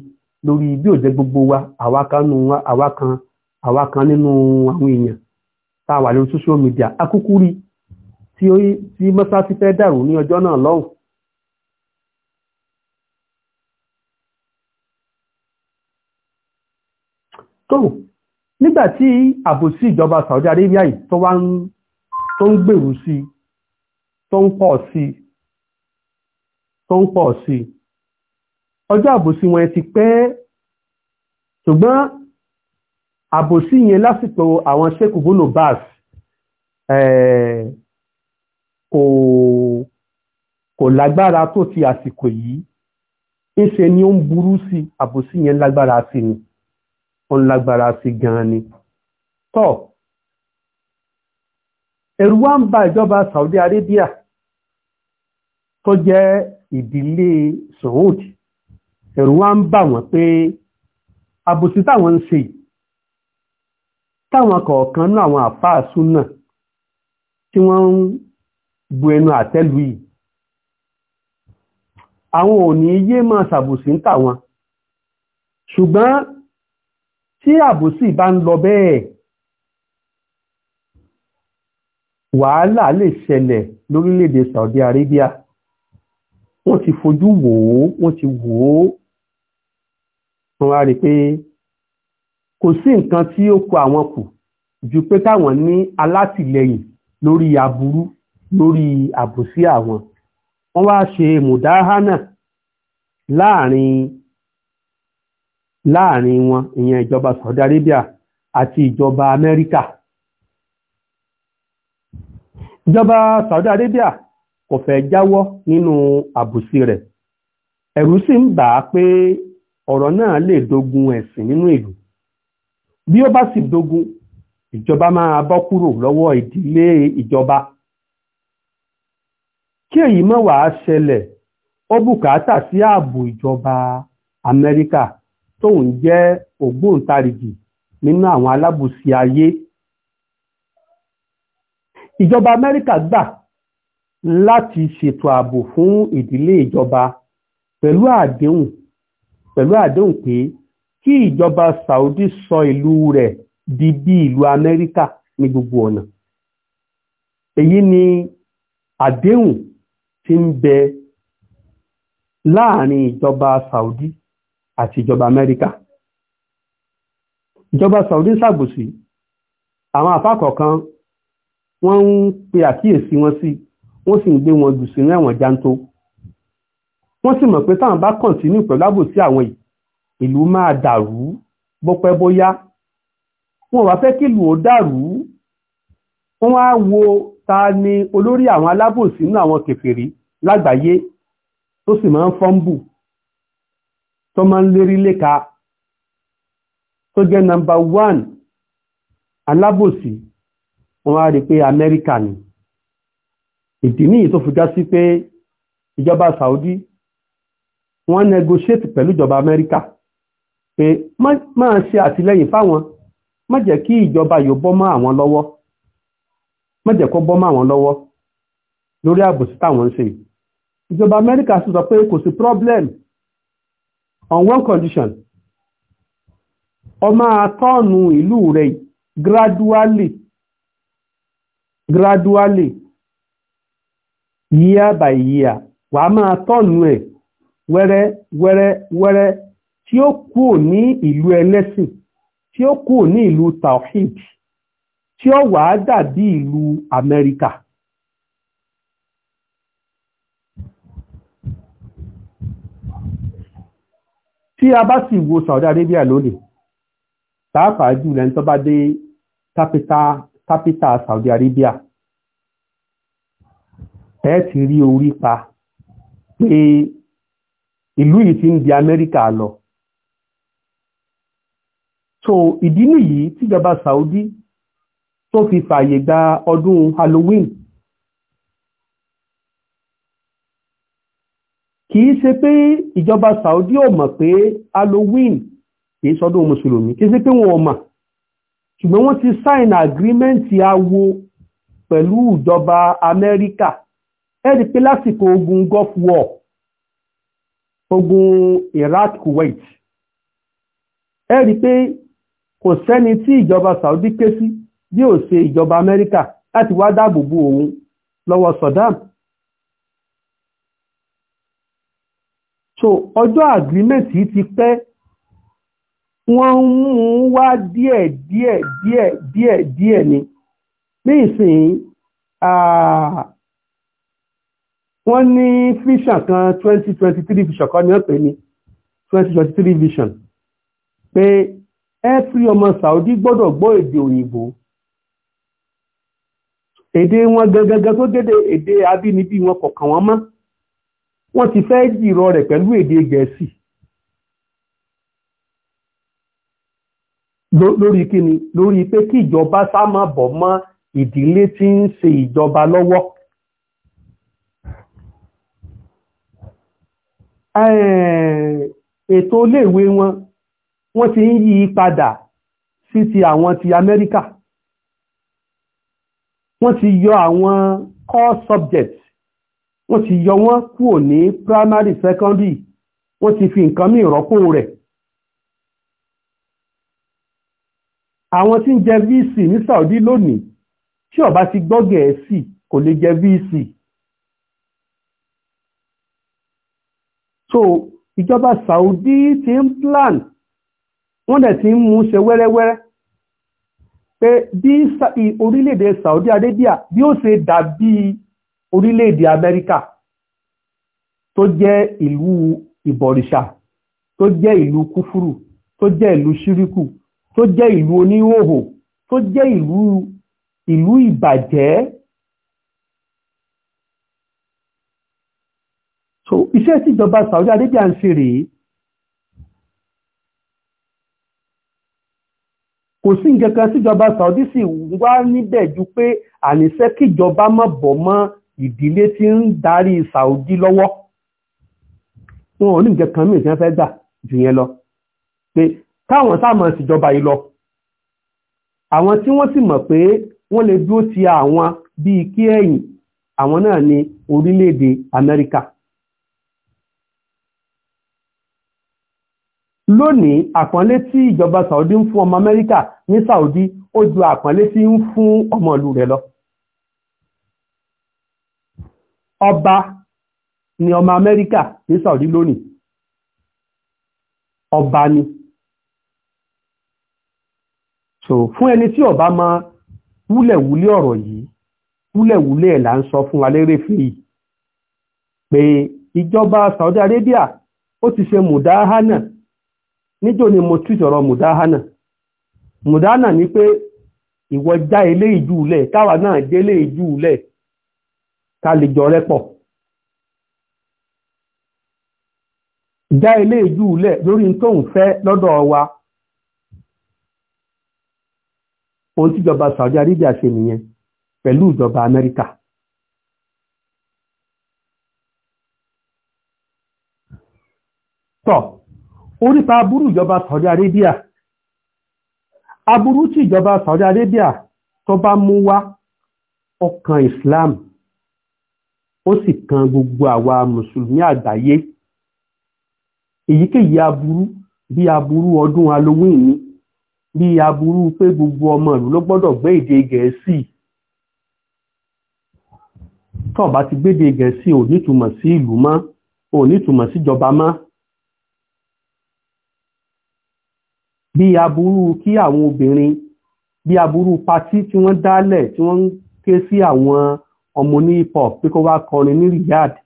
lórí bí ò jẹ́ gbogbo wa àwa kan nínú àwọn èèyàn tá a wà lórí social media akúkú rí tí mọ́sáàsì fẹ́ dàrú ní ọjọ́ náà lọ́hùn tó nígbàtí àbòsí ìjọba Saudi Arabia yìí tó wá tó ń gbèrú sí tó ń pọ̀ sí tó ń pọ̀ sí ọjọ́ àbòsí wọn ti pẹ́ ṣùgbọ́n àbòsí yẹn lásìkò àwọn sheikh bono bass kò kò lágbára tó ti àsìkò yìí ń ṣe ni ó ń burú sí àbòsí yẹn lágbára sí ni ó ń lágbára sí gan-an ni tọ́ ẹ̀rù wá ń ba ìjọba Saudi Arabia tó jẹ́ ìdílé Saud ẹ̀rù wá ń bà wọ́n pé àbòsí táwọn ń ṣe táwọn kọ̀ọ̀kan náà àwọn àfáà súnà tí wọ́n ń bu ẹnu àtẹ́lù yìí àwọn ò yé máa ṣàbòsí ń tà wọn ṣùgbọ́n tí àbòsí bá ń lọ bẹ́ẹ̀ wàhálà lè ṣẹlẹ̀ lórílẹ̀-èdè Saudi Arabia wọ́n ti fojú wò ó wọ́n ti wò ó wọ́n wá rí i pé kò sí nǹkan tí ó kó àwọn kù ju pé káwọn ní alátìlẹyìn lórí aburú lórí àbòsí àwọn wọ́n wá ṣe mùdáhánà láàrin láàrin wọn ìyẹn ìjọba Saudi Arabia àti ìjọba Amẹ́ríkà ìjọba Saudi Arabia kò fẹ́ jáwọ́ nínú àbùsí rẹ̀ ẹ̀rù sì ń bà á pé ọ̀rọ̀ náà lè dogun ẹ̀sìn nínú ìlú bí ó bá sì dogun ìjọba máa bọ́ kúrò lọ́wọ́ ìdílé ìjọba kí èyí má wàá ṣẹlẹ̀ ó bùkátà sí ààbò ìjọba Amẹ́ríkà tóun jẹ́ ògbóǹtarìgì nínú àwọn alábùsí ayé ìjọba amẹ́ríkà gbà láti ṣètò ààbò fún ìdílé ìjọba pẹ̀lú àdéhùn pẹ̀lú àdéhùn pé kí ìjọba saudi sọ ìlú rẹ̀ di bí ìlú amẹ́ríkà ní gbogbo ọ̀nà èyí ni àdéhùn tí ń bẹ láàrin ìjọba saudi àti ìjọba amẹ́ríkà ìjọba saudi ṣàbòsí àwọn àfákọ̀ọ̀kan wọ́n ń pe àkíyèsí wọn sí wọ́n sì ń gbé wọn jù sínú ẹ̀wọ̀n jantó wọ́n sì mọ̀ pé táwọn bá kọ̀ǹtínú pẹ̀lú àbòsí àwọn ìlú máa dàrú bópẹ́ bóyá wọn wá fẹ́ kílù ó dàrú wọ́n wá wo ta ni olórí àwọn alábòsí nínú àwọn kèfèrí lágbàáyé tó sì máa ń fọ́nbù tó máa ń lérí léka tó jẹ́ nàmbà 1 alábòsí wọ́n á rí pé amẹ́ríkà ni ìdí níyìí tó fi sí pé ìjọba saudi wọ́n negotiate pẹ̀lú ìjọba amẹ́ríkà pé máa ṣe àtìlẹ́yìn fáwọn má jẹ́ kí ìjọba yóò bọ́ mọ́ àwọn lọ́wọ́ má jẹ́ kó bọ́ mọ́ àwọn lọ́wọ́ lórí àbòsí táwọn ń ṣe ìjọba amẹ́ríkà sì sọ pé kò sí problem on one condition ma àtọ́ọ̀nù ìlú rẹ̀ gradually gradually year by year wà ma máa tọ́ọ̀nù were were were ti o ó ni ilu ìlú ti o ó ni ilu ìlú tawhid tí ó wà á dàbí ìlú Amẹ́ríkà tí a bá sì wo Saudi Arabia lónìí pàápàá jù lẹ́ni tó bá dé tápítà Saudi Arabia ẹ ti rí orí pa pé ìlú yìí ti ń di Amẹ́ríkà lọ so ìdí nìyí tíjọba Saudi tó fi fàyè gba ọdún Halloween kìí ṣe pé ìjọba Saudi ò mọ̀ pé Halloween kìí sọdún mùsùlùmí kìí ṣe pé wọn mọ̀ ṣùgbọ́n wọ́n ti sign agreement awo pẹ̀lú ìjọba Amẹ́ríkà ẹ̀rí pé lásìkò ogun Gulf War ogun Iraq Kuwait ẹ̀rí pé kò sẹ́ni tí ìjọba Saudi ké sí bí ò ṣe ìjọba Amẹ́ríkà láti wá dáàbò bo òun lọ́wọ́ Saddam so ọjọ́ agreement yìí ti pẹ́ wọ́n ń mú wá díẹ̀ díẹ̀ díẹ̀ díẹ̀ díẹ̀ ni ní ìsìn wọ́n ní vision kan 2023 vision kan ní ọ̀pẹ́ ni 2023 vision pé every ọmọ Saudi gbọ́dọ̀ gbọ́ èdè òyìnbó èdè wọn gangan tó dédé èdè abínibí wọn kọ̀ọ̀kan wọn mọ́ wọ́n ti fẹ́ jìrọ rẹ̀ pẹ̀lú èdè gẹ̀ẹ́sì lórí kíni lórí pé kí ìjọba sámà bọ̀ mọ́ ìdílé tí ń ṣe ìjọba lọ́wọ́ ètò iléèwé wọn wọ́n ti ń yí padà sí ti àwọn ti Amẹ́ríkà wọ́n ti yọ àwọn core subjects wọ́n ti yọ wọ́n kúrò ní primary secondary wọ́n ti fi nǹkan mí ìrọ́pò rẹ̀ àwọn tí ń jẹ vc ní Saudi lónìí tí ó bá ti gbọ́ Gẹ̀ẹ́sì kò lè jẹ vc so ìjọba Saudi ti ń plan wọ́n dẹ̀ ti ń mú ṣe wẹ́rẹ́wẹ́rẹ́ pé bí orílẹ̀-èdè Saudi Arabia bí ó ṣe dàbí orílẹ̀-èdè amẹ́ríkà tó jẹ́ ìlú ìbọ̀rìṣà tó jẹ́ ìlú kúfúrù tó jẹ́ ìlú ṣíríkù tó jẹ́ ìlú oníhòhò tó jẹ́ ìlú ìbàjẹ́ so iṣẹ́ tíjọba Saudi Arabia ń ṣe rèé kò sí nǹkan kan síjọba Saudi sì wá níbẹ̀ ju pé àníṣẹ́ kíjọba má bọ̀ mọ́ ìdílé tí ń darí Saudi lọ́wọ́ wọn ò ní nǹkan kan mìíràn fẹ́ gbà jù yẹn lọ pé káwọn sáàmọ̀ síjọba yìí lọ àwọn tí wọ́n sì mọ̀ pé wọ́n lè dúró ti àwọn bíi kí ẹ̀yìn àwọn náà ní orílẹ̀-èdè Amẹ́ríkà lónìí àpọ́nlé tí ìjọba Saudi ń fún ọmọ Amẹ́ríkà ní Saudi ó ju àpọ́nlé tí ń fún ọmọ ìlú rẹ̀ lọ ọba ni ọmọ amẹ́ríkà ní saudi lónìí ọba ni so fún ẹni tí ọba ma wúlẹ̀wúlẹ̀ ọ̀rọ̀ yìí wúlẹ̀wúlẹ̀ ẹ̀ là ń sọ fún alérèfín yìí pé ìjọba saudi arabia ó ti ṣe mùdáhánà níjó ni mo tú ìṣọ̀rọ̀ mùdáhánà mùdáhánà ni pé ìwọ já eléyìí jù lẹ̀ káwa náà délé ìjù lẹ̀ ká lè jọ rẹ́pọ̀ já ilé ìjú ulẹ̀ lórí tó ń fẹ́ lọ́dọ̀ wa ohun tíjọba Saudi Arabia ṣe nìyẹn pẹ̀lú ìjọba Amẹ́ríkà tọ́ orípa aburú ìjọba Saudi Arabia aburú tí ìjọba Saudi Arabia tó bá mú wá ọkàn Islam ó sì kan gbogbo àwa mùsùlùmí àgbáyé èyíkéyìí aburú bí aburú ọdún halloween ni bí aburú pé gbogbo ọmọ ìlú ló gbọ́dọ̀ gbé èdè gẹ̀ẹ́sì tó bá ti gbédè gẹ̀ẹ́sì ò nítumọ̀ sí ìlú mọ́ ò nítumọ̀ síjọba mọ́ bí aburú kí àwọn obìnrin bí aburú patí tí wọ́n dálẹ̀ tí wọ́n ké sí àwọn ọmụ ní hip hop pé kó wá kọrin ní Riyadh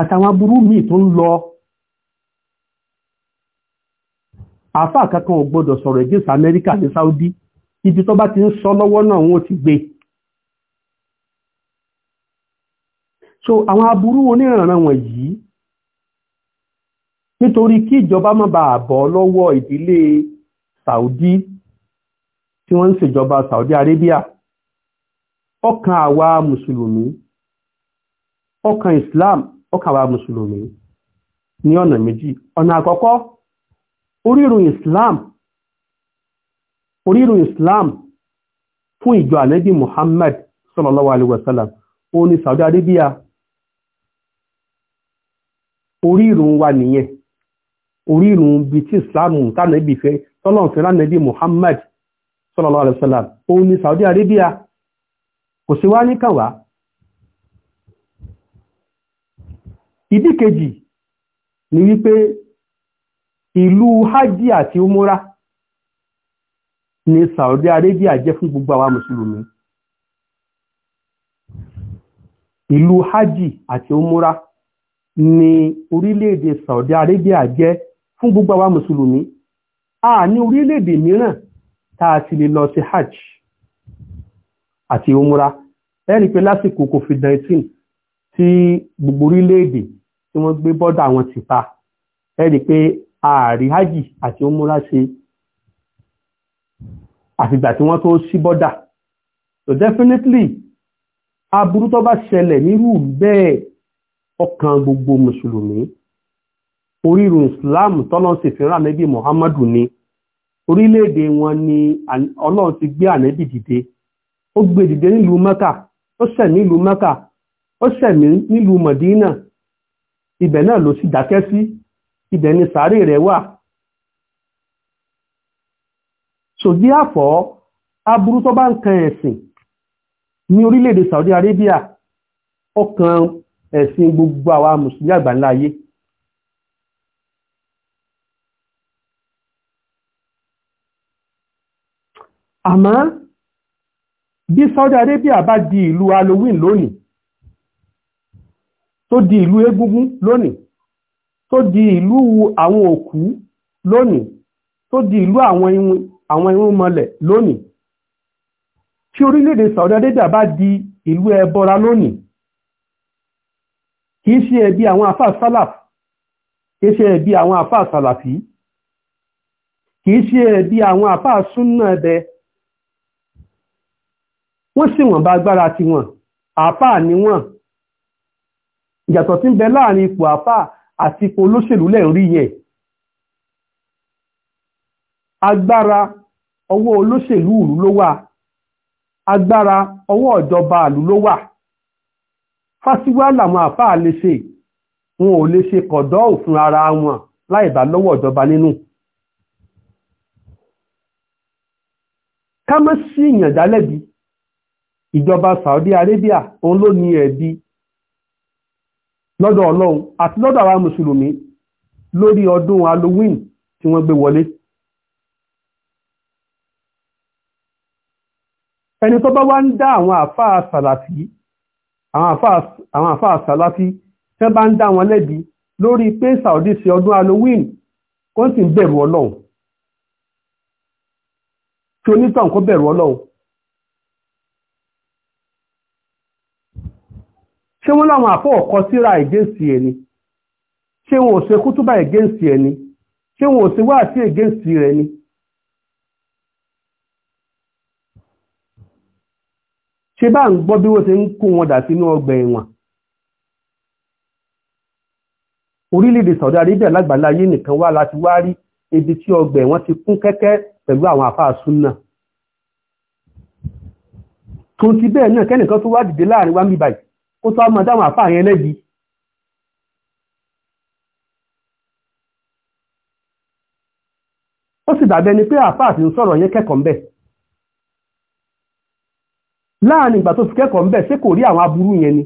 àtàwọn aburú míì tó ń lọ àáfàá kankan ò gbọdọ̀ sọ̀rọ̀ against ní Saudi ibi tó bá ti ń sọ lọ́wọ́ náà wọn ò ti gbé so àwọn aburú oníranran wọ̀nyí nítorí kí ìjọba má bàa bọ́ lọ́wọ́ ìdílé Saudi tí wọ́n ń ṣèjọba Saudi Arabia ọkàn àwa mùsùlùmí ọkàn islam ọkàn àwa mùsùlùmí ní ọ̀nà méjì ọ̀nà àkọ́kọ́ orírun islam orírun islam fún ìjọ ànábì muhammad sallallahu alaihi wasallam ó ní saudi arabia orírun wa nìyẹn orírun bí tí islam tánàbì fẹ́ tọ́lọ̀ fẹ́ lánàbì muhammad sallallahu alaihi wasallam ó ní saudi arabia kò sí wá ní kànwá ìdí kejì ni wípé ìlú hajj àti umura ni Saudi Arabia jẹ́ fún gbogbo àwa mùsùlùmí ìlú hajj àti umura ni orílẹ̀-èdè Saudi Arabia jẹ́ fún gbogbo àwa mùsùlùmí a ní orílẹ̀-èdè mìíràn tá a ti lè lọ sí hajj àti umra ẹ̀rí pé lásìkò covid-19 tí gbogbo orílẹ̀-èdè tí wọ́n gbé bọ́dà wọn ti pa ẹ̀rí pé ààrí hajj àti umra ṣe àfìgbà tí wọ́n tó ṣí bọ́dà so definitely aburú tó bá ṣẹlẹ̀ nírú bẹ́ẹ̀ ọkàn gbogbo mùsùlùmí orírun islam tọ́lọ́n sì fẹ́ràn ànábì muhammadu ni orílẹ̀-èdè wọn ni ọlọ́run ti gbé ànábì dìde ó gbé dìde nílùú mẹ́kà ó sẹ̀mí nílùú mẹ́kà ó sẹ̀mí nílùú mọ̀dínà ibẹ̀ náà ló sì dákẹ́ sí ibẹ̀ ni sàárè rẹ̀ wà sòdí àfọ́ aburú tó bá ń kan ẹ̀sìn ní orílẹ̀-èdè Saudi Arabia ó kan ẹ̀sìn gbogbo àwa mùsùlùmí àgbáńlá ayé àmọ́ bí Saudi Arabia bá di ìlú Halloween lónìí tó di ìlú egúngún lónìí tó di ìlú àwọn òkú lónìí tó di ìlú àwọn irun àwọn irun mọlẹ̀ lónìí tí orílẹ̀-èdè Saudi Arabia bá di ìlú ẹbọra lónìí kìí ṣe ẹ̀bi àwọn àfáà sálàf kìí ṣe ẹ̀bi àwọn àfáà sàlàfí kìí ṣe ẹ̀bi àwọn àfáà súnnà ẹ̀bẹ̀ẹ́ wọ́n sì wọ̀n bá agbára ti wọn àáfà ni wọ́n ìyàtọ̀ tí ń bẹ láàrin ipò àáfà àti ipò olóṣèlú lẹ́ ń rí yẹn agbára ọwọ́ olóṣèlú ìlú ló wà agbára ọwọ́ ìjọba ìlú ló wà fásiwá làwọn àáfà lè ṣe wọn ò lè ṣe kọ̀dọ́ òfin ara wọn láìbá lọ́wọ́ ìjọba nínú ká mọ́ sí ìyànjálẹ́bí ìjọba Saudi Arabia òun ló ní ẹ̀bi lọ́dọ̀ ọlọ́run àti lọ́dọ̀ àwa mùsùlùmí lórí ọdún Halloween tí wọ́n gbé wọlé ẹni tó bá wá ń dá àwọn àfáà sàlàfí àwọn àfáà sàlàfí tẹ́ bá ń dá wọn lẹ́bi lórí pé Saudi ṣe ọdún Halloween kó sì ń bẹ̀rù ọlọ́run tí onítàn kó bẹ̀rù ọlọ́run ṣé wọ́n láwọn àfọ́ ọ̀kọ́ síra against ẹni ṣé wọn ò ṣe kútúbà against ẹni ṣé wọn ò ṣe wá sí against rẹ ni. ṣé bá ń gbọ́ bí wọ́n ti ń kó wọn dà sínú ọgbà ẹ̀wọ̀n. orílẹ̀-èdè Saudi Arabia lágbàláyé nìkan wá láti wá rí ibi tí ọgbà ẹ̀wọ̀n ti kún kẹ́kẹ́ pẹ̀lú àwọn àfáà súnà tó ti bẹ́ẹ̀ náà kẹ́nìkan tó wá dìde láàrin wá ń bí ó tọ́ mọ̀ dáwọn àfáà yẹn lẹ́bi ó sì dàbẹ́ ni pé àfáà ti ń sọ̀rọ̀ yẹn kẹ́kọ̀ọ́ mbẹ̀ láàrin ìgbà tó fi kẹ́kọ̀ọ́ mbẹ̀ ṣé kò rí àwọn aburú yẹn ni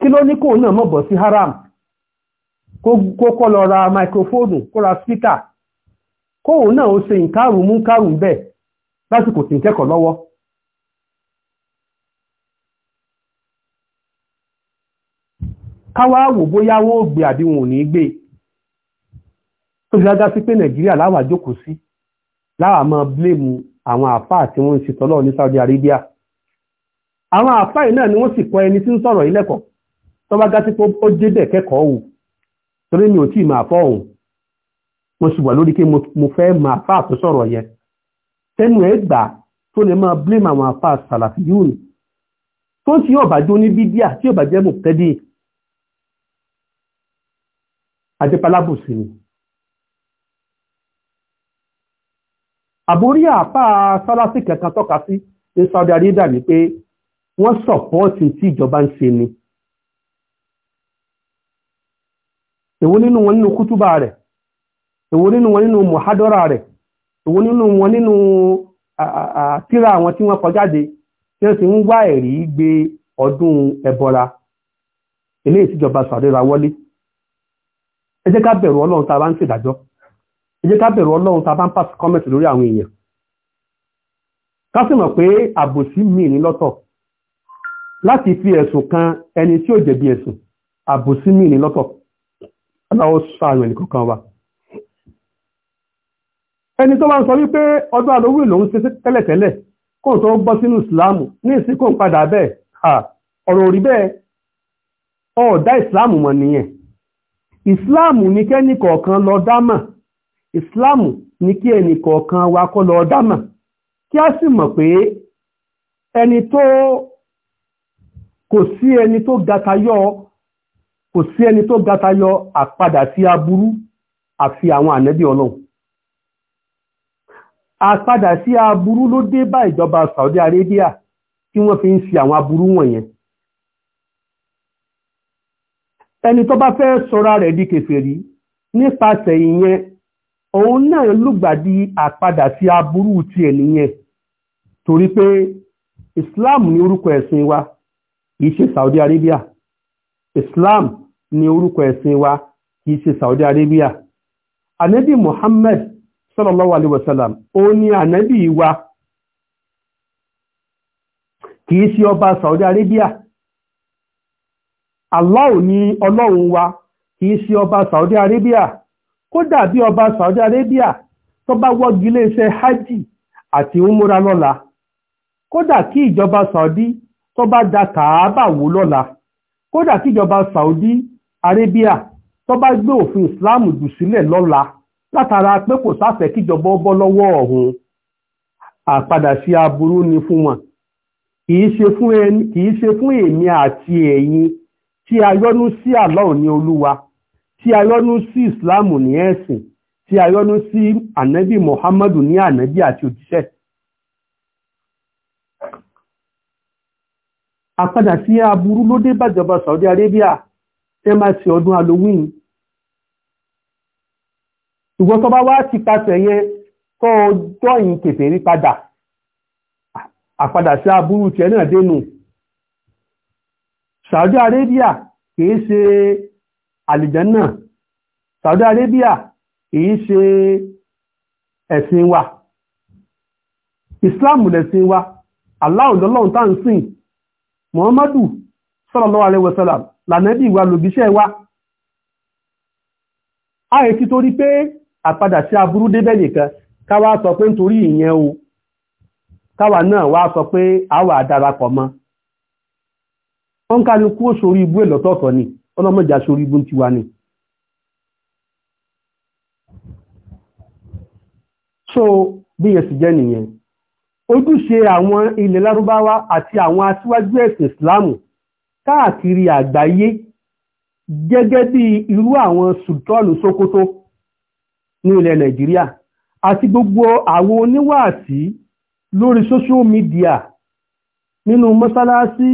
kí ló ní kò náà mọ̀ bọ̀ sí haram kó kọ́ lọ ra máikrófóònù kó ra spíkà kóòun náà ó ṣe ìkárùn mú kárùn bẹ́ẹ̀ lásìkò tí ń kẹ́kọ̀ọ́ lọ́wọ́ káwá wò bóyá wọ́n ò gbé àbí wọn ò ní gbé tó fi dájá sí pé nàìjíríà láwà jókòó sí láwà máa bléèmù àwọn àfáà tí wọ́n ń ṣe tọ́lọ́ ní Saudi Arabia àwọn àfáà yìí náà ni wọ́n sì kọ́ ẹni tí ń sọ̀rọ̀ yìí lẹ́kọ̀ọ́ tó bá gá sí pé ó jébẹ̀ kẹ́kọ̀ọ́ wò torí mi ò tí ì máa fọ́ òun mo sì wà lórí pé mo fẹ́ máa fáà tó sọ̀rọ̀ yẹn tẹnu ẹ̀ gbà tó lè máa blame àwọn àfáà sàlàfíyùn tó tí yóò bá jó tí yóò bá jẹ́ mọ̀tẹ́dì àjẹpalábòsí ni àbórí àpá sálásì kẹta tọ́ka sí ní Saudi Arabia wípé wọ́n sọ̀pọ́ọ̀tì tí ìjọba ń ṣe ni èwo nínú wọn nínú kútúbà rẹ̀ èwo nínú wọn nínú mọ̀hádọ́rà rẹ̀ èwo nínú wọn nínú tíra àwọn tí wọ́n kọjáde tí wọ́n ti ń wá ẹ̀rí gbé ọdún ẹbọra eléyìí tíjọba sàdéra wọlé ẹ jẹ́ ká bẹ̀rù ọlọ́run a bá ń ṣèdájọ́ ẹ ká bẹ̀rù bá ń pass comment lórí àwọn èèyàn kásìmọ̀ pé àbòsí míì lọ́tọ̀ láti fi ẹ̀sùn kan ẹni tí ó jẹ̀bi ẹ̀sùn àbòsí míì lọ́tọ̀ aláwọ̀ ẹni tó sọ wípé ọdún lòún ṣe tẹ́lẹ̀tẹ́lẹ̀ kó tó gbọ́ sínú ìsìláàmù ní ọ̀rọ̀ òrí ìsìláàmù ní kẹ́ni kọ̀ọ̀kan lọ dámà ìsìláàmù ní kí ẹni kọ̀ọ̀kan wa kọ́ lọ dámà kí a sì mọ̀ pé ẹni tó kò sí ẹni tó gatayọ kò sí ẹni tó gatayọ àpadà sí aburú àfi àwọn ànẹ́bí ọlọ́run àpadà sí aburú ló dé bá ìjọba Saudi Arabia tí wọ́n fi ń ṣe àwọn aburú wọ̀nyẹn ẹni tó bá fẹ́ sọra rẹ̀ di kèfèrí nípasẹ̀ ìyẹn òun náà lùgbàdì àpadà sí aburú tiẹ̀ nìyẹn torí pé Islam ni orúkọ ẹ̀sìn wa kìí ṣe Saudi Arabia Islam ni orúkọ ẹ̀sìn wa kìí ṣe Saudi Arabia anabi Muhammad sallallahu alaihi wasallam ó ní anabi wa kìí ṣe ọba Saudi Arabia Allah ni ọlọ́run wa í ṣe ọba Saudi Arabia kódà bí ọba Saudi Arabia tó bá wọ́gi iléeṣẹ́ hajj àti umura lọ́la kódà kí ìjọba Saudi tó bá da kàábà wó lọ́la kódà kí ìjọba Saudi Arabia tó bá gbé òfin Islam jù sílẹ̀ lọ́la látara pé kò sáfẹ́ kíjọba bọ́ lọ́wọ́ ọ̀hún àpadà sí aburú ni fún wọn í ṣe fún èmi àti ẹ̀yìn. tí a yọ́nú sí Allah ní olúwa tí a yọ́nú sí Islam ní ẹ̀sìn tí a yọ́nú sí ànábì Muhammadu ní ànábì àti òjíṣẹ́ àpadà sí aburú ló dé bàjọba Saudi Arabia tẹ́ máa ṣe ọdún Halloween ṣùgbọ́n tó bá wá ti pàṣẹ yẹn kọ́ ọjọ́ ìyìn kèfèrí padà àpadà sí aburú tiẹ̀ náà dénú Saudi Arabia kìí ṣe àlìjánà Saudi Arabia kìí ṣe ẹ̀sìn wa Islam lẹ̀sìn wa Allah lọ́lọ́run tá ń sìn Muhammadu sallallahu alaihi wasallam lànàbí ìwà lògíṣẹ́ wa ààrẹ kí torí pé àpadà sí aburú débẹ̀ nìkan káwà sọ pé nítorí ìyẹn o káwà náà wá sọ pé àwà darapọ̀ mọ́ wọ́n kálukú ó sórí ibú èlọ́tọ̀ọ̀tọ̀ ni ọlọ́mọjà sórí ibú ti wà ní so bí yẹn sì jẹ́ nìyẹn ojúṣe àwọn ilẹ̀ lárúbáwá àti àwọn aṣíwájú ẹ̀sìn islamu káàkiri àgbáyé gẹ́gẹ́ bí irú àwọn sultanu sokoto ní ilẹ̀ nàìjíríà àti gbogbo àwọn oníwàásí lórí social media nínú mọ́sálásí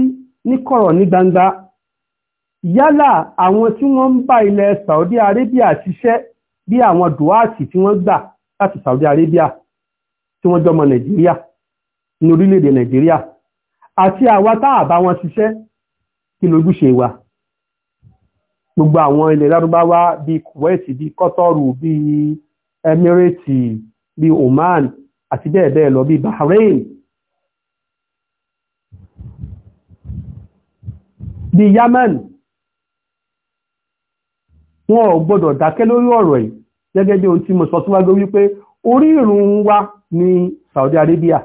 ní kọ̀rọ̀ ní gbangba yálà àwọn tí wọ́n ń bá ilẹ̀ Saudi Arabia ṣiṣẹ́ bí àwọn duwati tí wọ́n gbà láti Saudi Arabia tí wọ́n jọmọ Nàìjíríà ní orílẹ̀-èdè Nàìjíríà àti àwa táà bá wọn ṣiṣẹ́ kí lójúṣe wa gbogbo àwọn ilẹ̀ lárúbáwá bíi Kuwait bíi kọ́tọ́rù bíi Emirate bíi Oman àti bẹ́ẹ̀ bẹ́ẹ̀ lọ bíi Bahrain bí Yaman wọn ò gbọdọ̀ dákẹ́ lórí ọ̀rọ̀ yìí gẹ́gẹ́ bí ohun tí mo sọ síwájú wípé orírun wa ní Saudi Arabia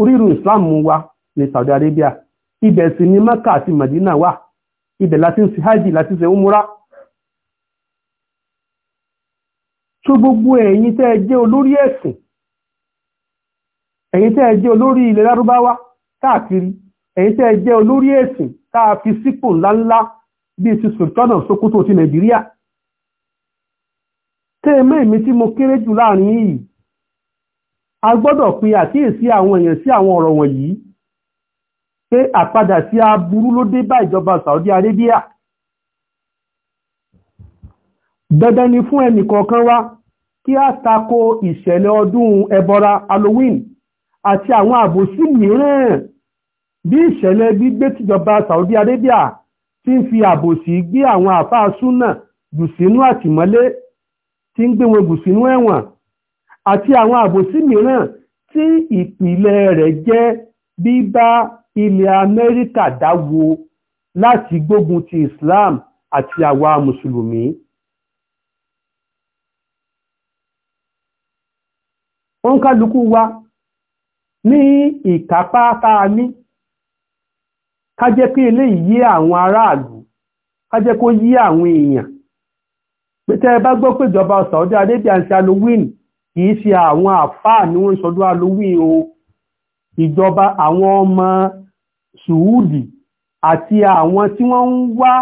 orírun Islam wa ní Saudi Arabia ibẹ̀ sì ni Maka àti Madina wà ibẹ̀ láti ń ṣe hajj láti ń ṣe umura tó gbogbo ẹ̀yin tẹ́ jẹ́ olórí ẹ̀sìn ẹ̀yin tẹ́ jẹ́ olórí ilẹ̀ lárúbáwá káàkiri ẹ̀yin tẹ́ jẹ́ olórí ẹ̀sìn tá a fi sípò ńláńlá bíi ti sultana Sokoto ti Nàìjíríà tẹ́ mẹ́mí tí mo kéré jù láàrin yìí a gbọ́dọ̀ pe àkíyèsí àwọn èèyàn sí àwọn ọ̀rọ̀ wọ̀nyí pé àpadà sí aburú ló dé bá ìjọba Saudi Arabia dandan ni fún ẹnì kọ̀ọ̀kan wa kí a tako ìṣẹ̀lẹ̀ ọdún ẹbọra Halloween àti àwọn àbòsí mìíràn bí ìṣẹ̀lẹ̀ gbígbé tìjọba Saudi Arabia ti ń fi àbòsí gbé àwọn àfáà súnà jù sínú àtìmọ́lé tí ń gbé wọn jù sínú ẹ̀wọ̀n àti àwọn àbòsí mìíràn tí ìpìlẹ̀ rẹ̀ jẹ́ bíbá ilẹ̀ Amẹ́ríkà dáwo láti gbógun ti Islam àti àwa mùsùlùmí. ó ń kálukú wa ní ìkápá tá a ní ká jẹ́ pé eléyìí yé àwọn aráàlú ká jẹ́ kó yé àwọn èèyàn tẹ́ ẹ bá gbọ́ pé ìjọba Saudi Arabia ń ṣe Halloween kì í ṣe àwọn àfáà ni wọ́n ń ṣọdún Halloween o ìjọba àwọn ọmọ Sùúdì àti àwọn tí wọ́n ń wá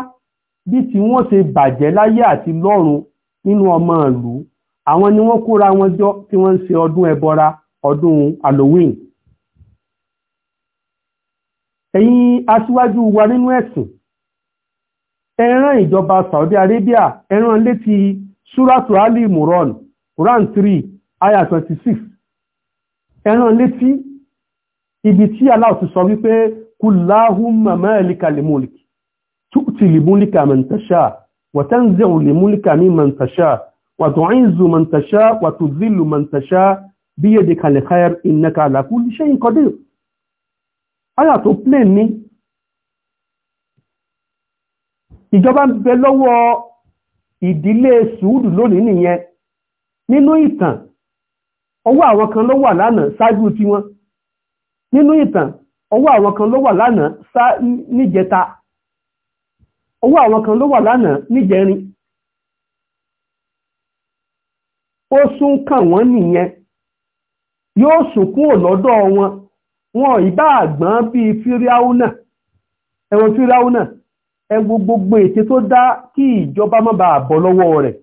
bí tí wọ́n ṣe bàjẹ́ láyé àti lọ́run nínú ọmọ ìlú àwọn ni wọ́n kóra wọn jọ tí wọ́n ń ṣe ọdún ẹbọra ọdún Halloween ẹ̀yin aṣíwájú wa nínú ẹ̀sìn ẹ rán ìjọba Saudi Arabia ẹ rán létí ṣúrátù Ali Imran Quran 3 ayah 26 ẹ rán létí ibi tí Allah ti sọ wípé kullahumma malika limulki tu'ti limulka man tasha wa tanzi'u limulka mimman tasha wa tu'izzu man tasha wa tudhillu man tasha biyadika alkhair innaka ala áyà tó plé ní ìjọba ń bẹ lọ́wọ́ ìdílé sùúrù lónìí nìyẹn nínú ìtàn ọwọ́ àwọn kan ló wà lánàá ṣáájú tí wọ́n nínú ìtàn ọwọ́ àwọn kan ló wà lánàá sá níjẹta ọwọ́ àwọn kan ló wà lánàá níjẹrin ó sún kàn wọ́n nìyẹn yóò sùn kúrò lọ́dọ̀ wọn wọn ìbá àgbọ́n bíi fíráúnà ẹ̀wọ̀n fíráúnà ẹwọ gbogbo ète tó dá kí ìjọba má bàa bọ́ lọ́wọ́ rẹ̀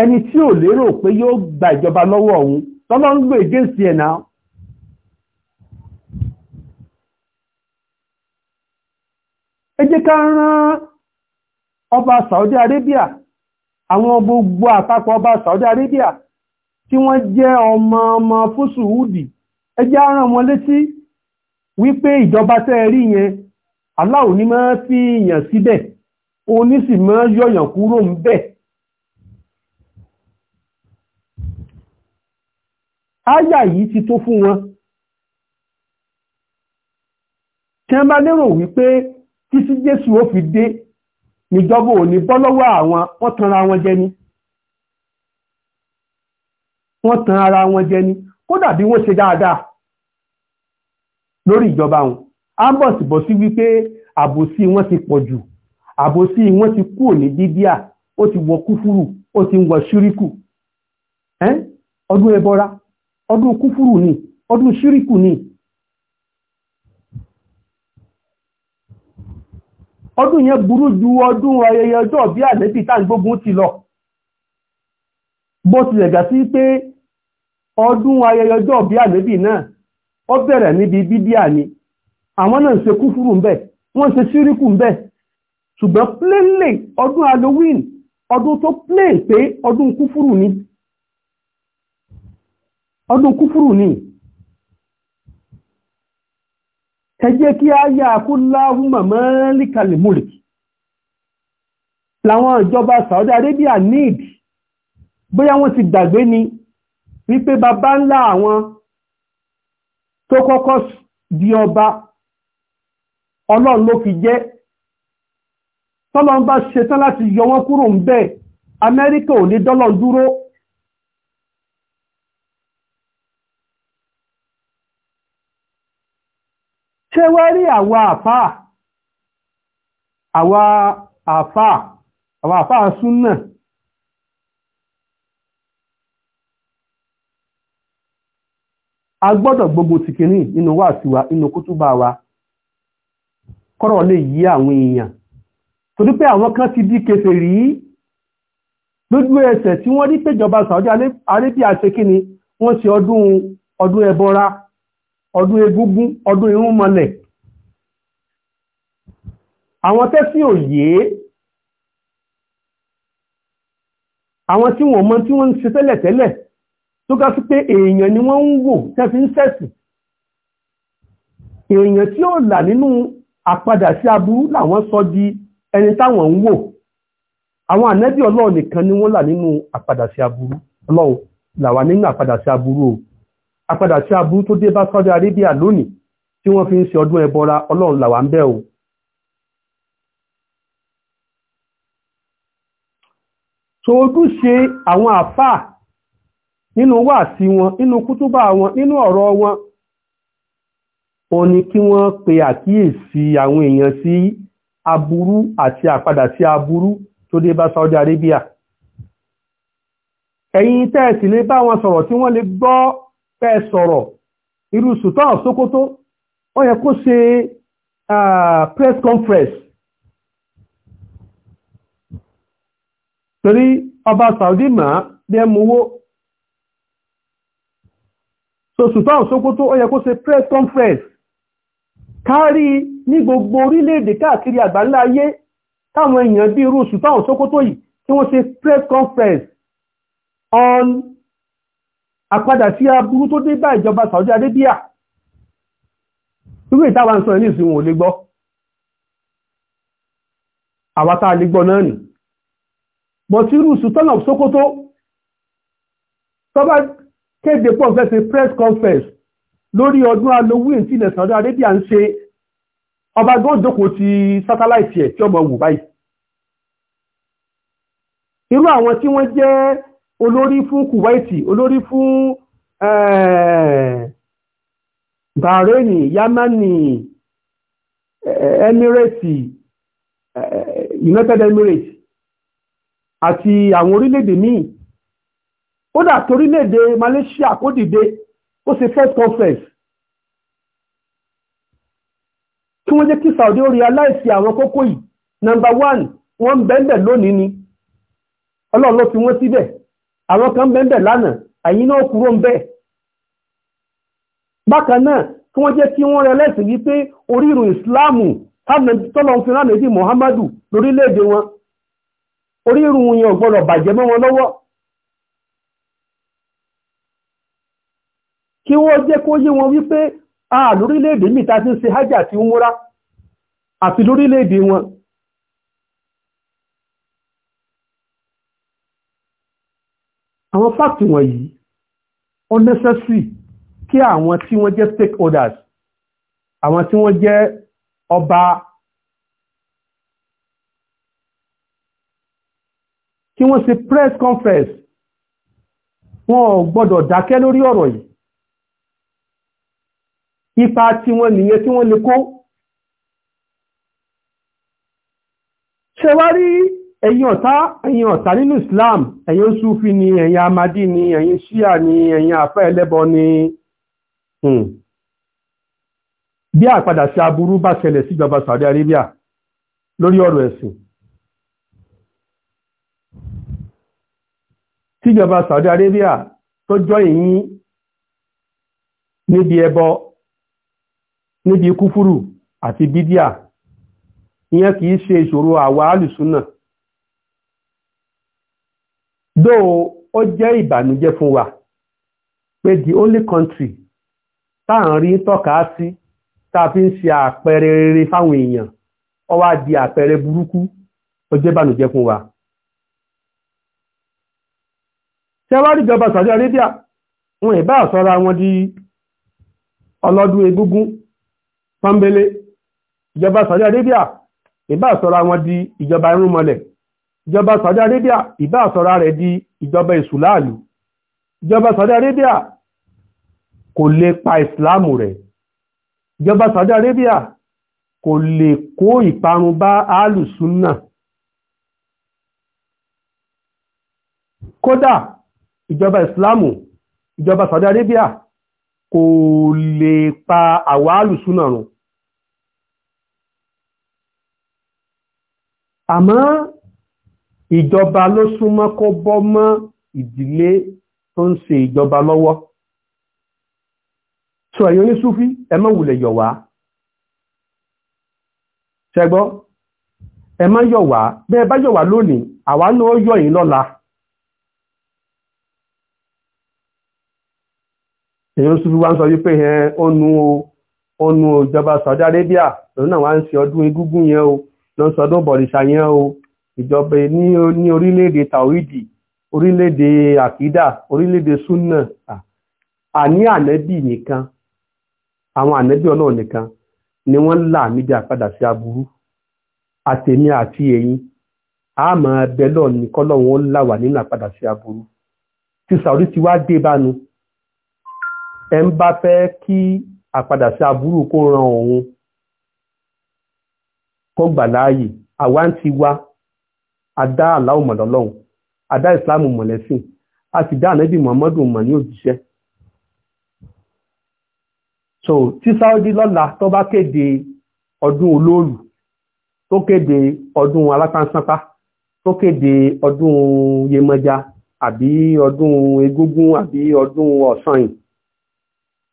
ẹni tí ò lérò pé yóò gba ìjọba lọ́wọ́ òun lọ́lọ́ ń gbé gẹ́ẹ̀sì ẹ̀ náà ẹ jẹ́ ká rán ọba Saudi Arabia àwọn gbogbo àpapọ̀ ọba Saudi Arabia tí wọ́n jẹ́ ọmọ ọmọ fúsùúdì ẹ jẹ́ á rán wọn létí wípé ìjọba tẹ́ ẹ rí yẹn aláwo ní máa fi yàn síbẹ̀ òní sì máa yọ̀yàn kúrò ń bẹ̀ áyà yìí ti tó fún wọn tí wọ́n bá lérò wípé títí Jésù ó fi dé níjọba ò ní bọ́ lọ́wọ́ àwọn wọ́n tan ara wọn jẹ ni kódà bí wọ́n ṣe dáadáa lórí ìjọba wọn ambos bọ̀ sí wípé àbòsí wọn ti pọ̀ jù àbòsí wọn ti kúrò ní bíbíà ó ti wọ kúfúrù ó ti wọ ṣíríkù ọdún ẹbọra ọdún kúfúrù ni ọdún ṣíríkù ni ọdún yẹn burú ju ọdún ayẹyẹ ọjọ́ bí àlẹ́bí tá ń gbógun ti lọ bó tilẹ̀ gà sí pé ọdún ayẹyẹ ọjọ́ bí ànẹ́bì náà ó bẹ̀rẹ̀ níbi bídíà ni àwọn náà ń ṣe kúfúrú ń bẹ̀ wọ́n ṣe síríkù ń bẹ̀ ṣùgbọ́n plainly ọdún halloween ọdún tó plain pé ọdún kúfúrú ni ọdún kúfúrú ni ẹ jẹ́ kí a yà kú láhùn mọ̀mọ́ líkàlẹ̀ múlìkì làwọn ìjọba Saudi Arabia need bóyá wọ́n ti gbàgbé ni wípé bàbá ńlá àwọn tó kọ́kọ́ di ọba ọlọ́run ló fi jẹ́ tọ́lọ́n bá ṣetán láti yọ wọ́n kúrò ń bẹ̀ amẹ́ríkà ò ní dọ́lọ́n dúró ṣé wá rí àwa àfáà àwa àfáà àwa àfáà súnnà a gbọ́dọ̀ gbogbo ti kìíní nínú wà sí wa nínú kútúbà wa kọ́rọ̀ lè yí àwọn èèyàn torí pé àwọn kan ti di kèfèrí lójú ẹsẹ̀ tí wọ́n rí péjọba Saudi Arabia ṣe kí ni wọ́n ṣe ọdún ọdún ẹbọra ọdún egúngún ọdún irúnmọlẹ̀ àwọn tẹ́sí òye àwọn tí wọ́n mọ̀ tí wọ́n ń ṣe tẹ́lẹ̀tẹ́lẹ̀ tó ga sí pé èèyàn ni wọ́n ń wò tẹ́fí ń sẹ́sì èèyàn tí ó là nínú àpadà sí aburú làwọn sọ di ẹni táwọn ń wò àwọn ànẹ́bí ọlọ́run nìkan ni wọ́n là nínú àpadà sí aburú ọlọ́run làwà nínú àpadà sí aburú o àpadà sí aburú tó dé bá Saudi Arabia lónìí tí wọ́n fi ń ṣe ọdún ẹbọra ọlọ́run làwà ń o so ojúṣe àwọn àfáà nínú wáàsí wọn nínú kútúbà wọn nínú ọ̀rọ̀ wọn ó ní kí wọ́n pe àkíyèsí àwọn èèyàn sí aburú àti àpadà sí aburú tó dé bá Saudi Arabia ẹ̀yin tẹ́ẹ̀sì lè bá wọn sọ̀rọ̀ tí wọ́n lè gbọ́ pẹ́ sọ̀rọ̀ irú Sultan of Sokoto yẹ kó ṣe press conference torí ọba Saudi ma bí ẹ so Sultan Sokoto ó yẹ kó se press conference kárí ní gbogbo orílẹ̀-èdè káàkiri àgbáńlá ayé táwọn èèyàn bí irú Sultan Sokoto yìí tí wọ́n se press conference on àpadà sí aburú tó dé bá ìjọba Saudi Arabia irú ìtawà ń sọ ní ìsìn wọn ò lè gbọ́ àwátá lè gbọ́ náà nì bọ̀tí irú Sultan of kéde pọ̀ fẹ́ ṣe press conference lórí ọdún halloween tí ilẹ̀ Saudi Arabia ń ṣe ọba gọ́ọ̀dọ́kò ti satellite ẹ̀ tí ọmọ wù báyìí irú àwọn tí wọ́n jẹ́ olórí fún Kuwaiti olórí fún eh, Bahrain Yamani eh, Emirates eh, United Emirates àti àwọn orílẹ̀-èdè míì kódà torílẹ̀-èdè Malaysia kó dìde ó ṣe first conference kí wọ́n jẹ́ kí Saudi aláìsí àwọn kókó yìí number one wọ́n ń lónìí ni ọlọ́ọ̀lọ́ ló fi wọ́n síbẹ̀ àwọn kan bẹ́ẹ̀ lánàá àyín náà kúrò ń bẹ́ẹ̀ bákan náà kí wọ́n jẹ́ kí wọ́n rẹ realize wípé orírun Ìsìláàmù tọ́lọ̀ fi ránà Muhammadu lórílẹ̀ wọn orírun yẹn ò gbọ́dọ̀ bàjẹ́ kí wọ́n jẹ́ kó yé wọn wípé a lórílẹ̀-èdè mi ta ti ń ṣe hajj àti umura àti lórílẹ̀-èdè wọn àwọn fáàkì wọ̀nyí unnecessary kí àwọn tí wọ́n jẹ́ stakeholders àwọn tí wọ́n jẹ́ ọba kí wọ́n ṣe press conference wọn gbọ́dọ̀ dákẹ́ lórí ọ̀rọ̀ yìí ipa tí wọ́n nìyẹn tí wọ́n lè kó ṣe wá ọ̀tá ẹ̀yin ọ̀tá nínú Islam ẹ̀yin Súfì ni ẹ̀yin Amadi ni ẹ̀yin Shia ni ẹ̀yin àfẹ́ ẹlẹ́bọ ni hmm. bí àpadà sí aburú bá ṣẹlẹ̀ sí ìjọba Saudi Arabia lórí ọ̀rọ̀ ẹ̀sìn tíjọba Saudi Arabia tó jọ ìyín níbi ẹbọ níbi kúfúrù àti bídíà ìyẹn kìí ṣe ìṣòro àwa alùsùnà dó ó jẹ́ ìbànújẹ́ fún wa pé the only country tá à ń rí tọ́ka sí ta fi ń ṣe àpẹẹrẹ rere fáwọn èèyàn ó wá di àpẹẹrẹ burúkú ó jẹ́ ìbànújẹ́ fún wa tẹwárí ìjọba wọn ìbá wọn di ọlọ́dún egungun. pọ́nbélé ìjọba Saudi Arabia ìbá sọra wọn di ìjọba irúnmọlẹ̀ ìjọba Saudi Arabia ìbá sọra rẹ̀ di ìjọba ìsùláàlù ìjọba Saudi Arabia kò lè pa ìsìláàmù rẹ̀ ìjọba Saudi Arabia kò lè kó ìparun bá alùsúnnà kódà ìjọba ìsìláàmù ìjọba Saudi Arabia kò lè pa àwálù súnà rùn àmọ́ ìjọba ló súnmọ́ kó bọ́ mọ́ ìdílé tó ń ṣe ìjọba lọ́wọ́ so ẹ̀yin ní súfí ẹ má wulẹ̀ ṣẹgbọ́ ẹ má bẹ́ẹ̀ bá yọ̀ lónìí àwa náà yọ̀ lọ́la èyí oṣù wá ń sọ wípé yẹn ó nu ó nu ìjọba Saudi Arabia lòun náà wá ń ṣe ọdún egúngún yẹn o ló ń sọdún yẹn o ìjọba ní orílẹ̀-èdè tàwídì orílẹ̀-èdè àkídà orílẹ̀-èdè súnà àní nìkan àwọn ni wọ́n là níbi sí aburú àtẹ̀mí àti a lọ́ọ̀ ní kọ́lọ́run là wà nínú sí aburú Saudi ẹ ń bá fẹ́ kí àpadà sí aburú kó ran òun kó gbà láàyè àwa ń ti wá adá aláwọ̀ adá ìsìláàmù mọ̀lẹ́sìn a sì dá ànábì muhammadu mọ̀ ní òjíṣẹ́ so tí sáúdí lọ́la tó bá kéde ọdún olóòlù tó kéde ọdún alápánsánpá tó kéde ọdún yemọja àbí ọdún egúngún àbí ọdún ọ̀sanyìn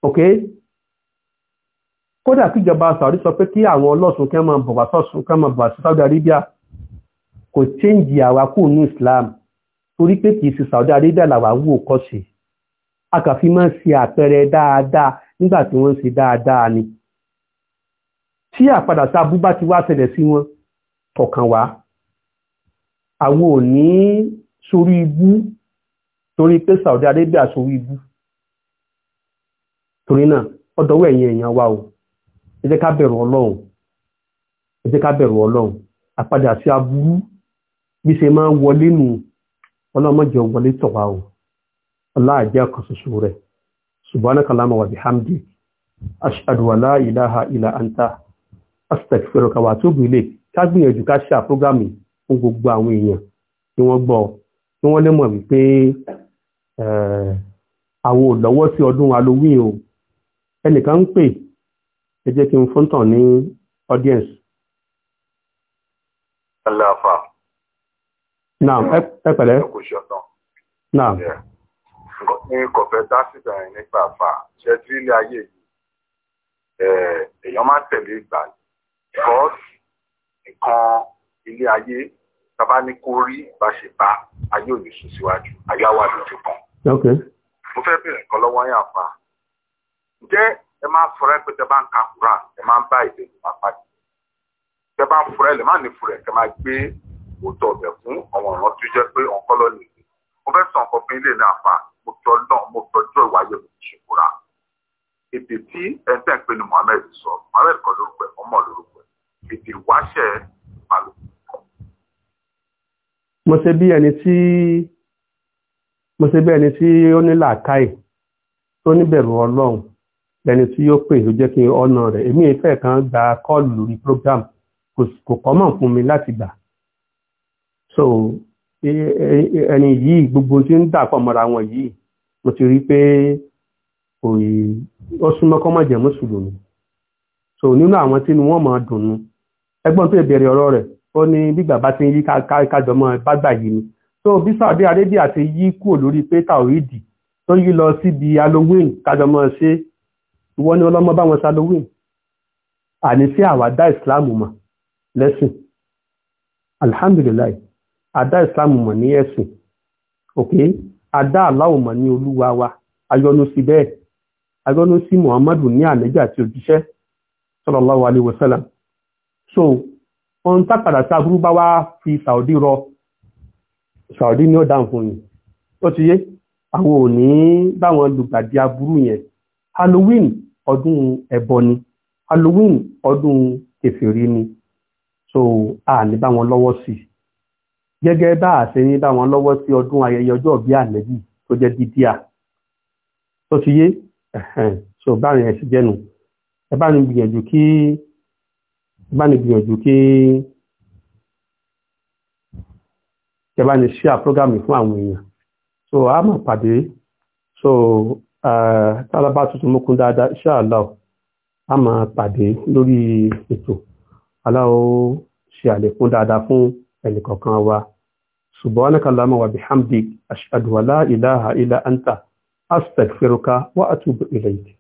ok kódà kíjọba Saudi sọ pé kí àwọn ọlọ́sùn kẹ́ máa bọ̀wá sọ́sùn kẹ́ máa bọ̀wá sí Saudi Arabia kò chẹ́ǹjì àwa kù ní Islam torí pé kìí sí Saudi Arabia làwa wò kọ́ sí a kà fi máa ń ṣe àpẹẹrẹ dáadáa nígbà tí wọ́n ń ṣe dáadáa ni tí àpadà sí abú bá ti wá ṣẹlẹ̀ sí wọn kọ̀kan wá àwọn ò ní sórí ibú torí pé Saudi Arabia sórí ibú torí náà ọdọwọ́ ẹ̀yin èèyàn wa o ẹ jẹ́ ká bẹ̀rù ọlọ́run ẹ jẹ́ ká bẹ̀rù ọlọ́run àpadà sí aburú bí ṣe máa ń wọlé nù wọlé o ṣoṣo ká gbìyànjú ká ṣe fún gbogbo àwọn èèyàn tí tí lè wípé àwọn ò sí ọdún halloween o ẹnìkan ń pè ẹ jẹ́ kí n fún tàn ní audience. aláfa. naam ẹ pẹ̀lẹ́. naam. nǹkan ní kọ̀fẹ́ dásìgbà yẹn nípa àfà ṣe tí ilé ayé yìí èèyàn máa tẹ̀lé ìgbà because nǹkan ilé ayé tàbá ní kó rí ìbáṣepá ayé òyìnbó síwájú ayáwá lójú kan. mo fẹ́ bẹ̀rẹ̀ nǹkan lọ́wọ́ yẹn àfà ǹjẹ́ ẹ máa fura ẹ pé tẹ bá ń ka kura ẹ máa ń bá èdè ìgbà pàdé tẹ bá ń fura ẹ lè má ní fura ẹ kẹ máa gbé òótọ́ ọbẹ̀ fún àwọn ọ̀ràn tó jẹ́ pé ọ̀kọ́ lọ nìyí mo fẹ́ sọ nǹkan fún ilé náà fa mo tọ́ náà mo tọ́jú ìwáyé mi ṣùkúra èdè tí ẹ̀ńtẹ́ ń pè ní Mohammed sọ Mohammed kọ́ lórúkọ ẹ̀ ọmọ lórúkọ ẹ̀ èdè ìwáṣẹ̀ ìbálòpọ̀. mo ṣe bí ẹni tí mo ṣe bí ẹni tí ó ní làákàyè tó níbẹ̀rù Ọlọ́run lẹni tí yóò pè ló jẹ́ kí ọ̀nà rẹ̀ èmi ìfẹ́ kan gba kọ́ọ̀lù lórí program kò kọ́mọ̀ fún mi láti gbà so e, e, e, ẹni yìí gbogbo tí ń dà pọ̀ mọ́ra wọn yìí mo ti rí pé òye ó súnmọ́ kọ́mọ̀ jẹ́ mùsùlùmí so nínú àwọn tí wọ́n máa dùnnú ẹgbọ́n tó ìbẹ̀rẹ̀ ọ̀rọ̀ rẹ̀ ó ní gbígbà bá ti ń yí kájọ mọ́ bá gbà yìí ni so bí Saudi Arabia ti yí kúrò lórí pé tàwídì tó yí lọ síbi Halloween kájọ mọ́ ṣe ìwọ ni ọlọ́mọ bá wọn salowin àní sí àwàdá ìsìláàmù mọ̀ lẹ́sìn alhamdulillah àdá ìsìláàmù mọ̀ ní ẹ̀sìn òkè àdá aláwọ̀ mọ̀ ní olúwa wa ayọ́nú sí bẹ́ẹ̀ ayọ́nú sí muhammadu ní ànẹ́jà àti òjíṣẹ́ sallallahu alaihi wasallam so ohun tápàdà sí aburú bá wá fi saudi rọ saudi ní ọ̀dà nǹkan yìí ó ti yé àwọn ò ní báwọn lùgbàdì aburú yẹn halloween ọdún ẹbọ ni halloween ọdún kẹfìrí ni so a ní bá wọn lọ́wọ́ sí i gẹ́gẹ́ bá a ṣe ní bá wọn lọ́wọ́ sí ọdún ayẹyẹ ọjọ́ bí ànẹ́bí tó jẹ́ dídíà tó ti yé so báyìí ẹ̀ sì jẹ́nu ẹ bá ní gbìyànjú kí ẹ bá ní gbìyànjú kí ẹ bá ní ṣíà prógámì fún àwọn èèyàn so a máa pàdé so Eh, tálábà tuntun mú kún dáadáa insha Allah a máa pàdé lórí ètò aláwo ṣe àlékún dáadáa fún ẹnìkọ̀ọ̀kan wa subhanaka allahumma wa bihamdik ashhadu an la ilaha illa anta astaghfiruka wa atubu ilayk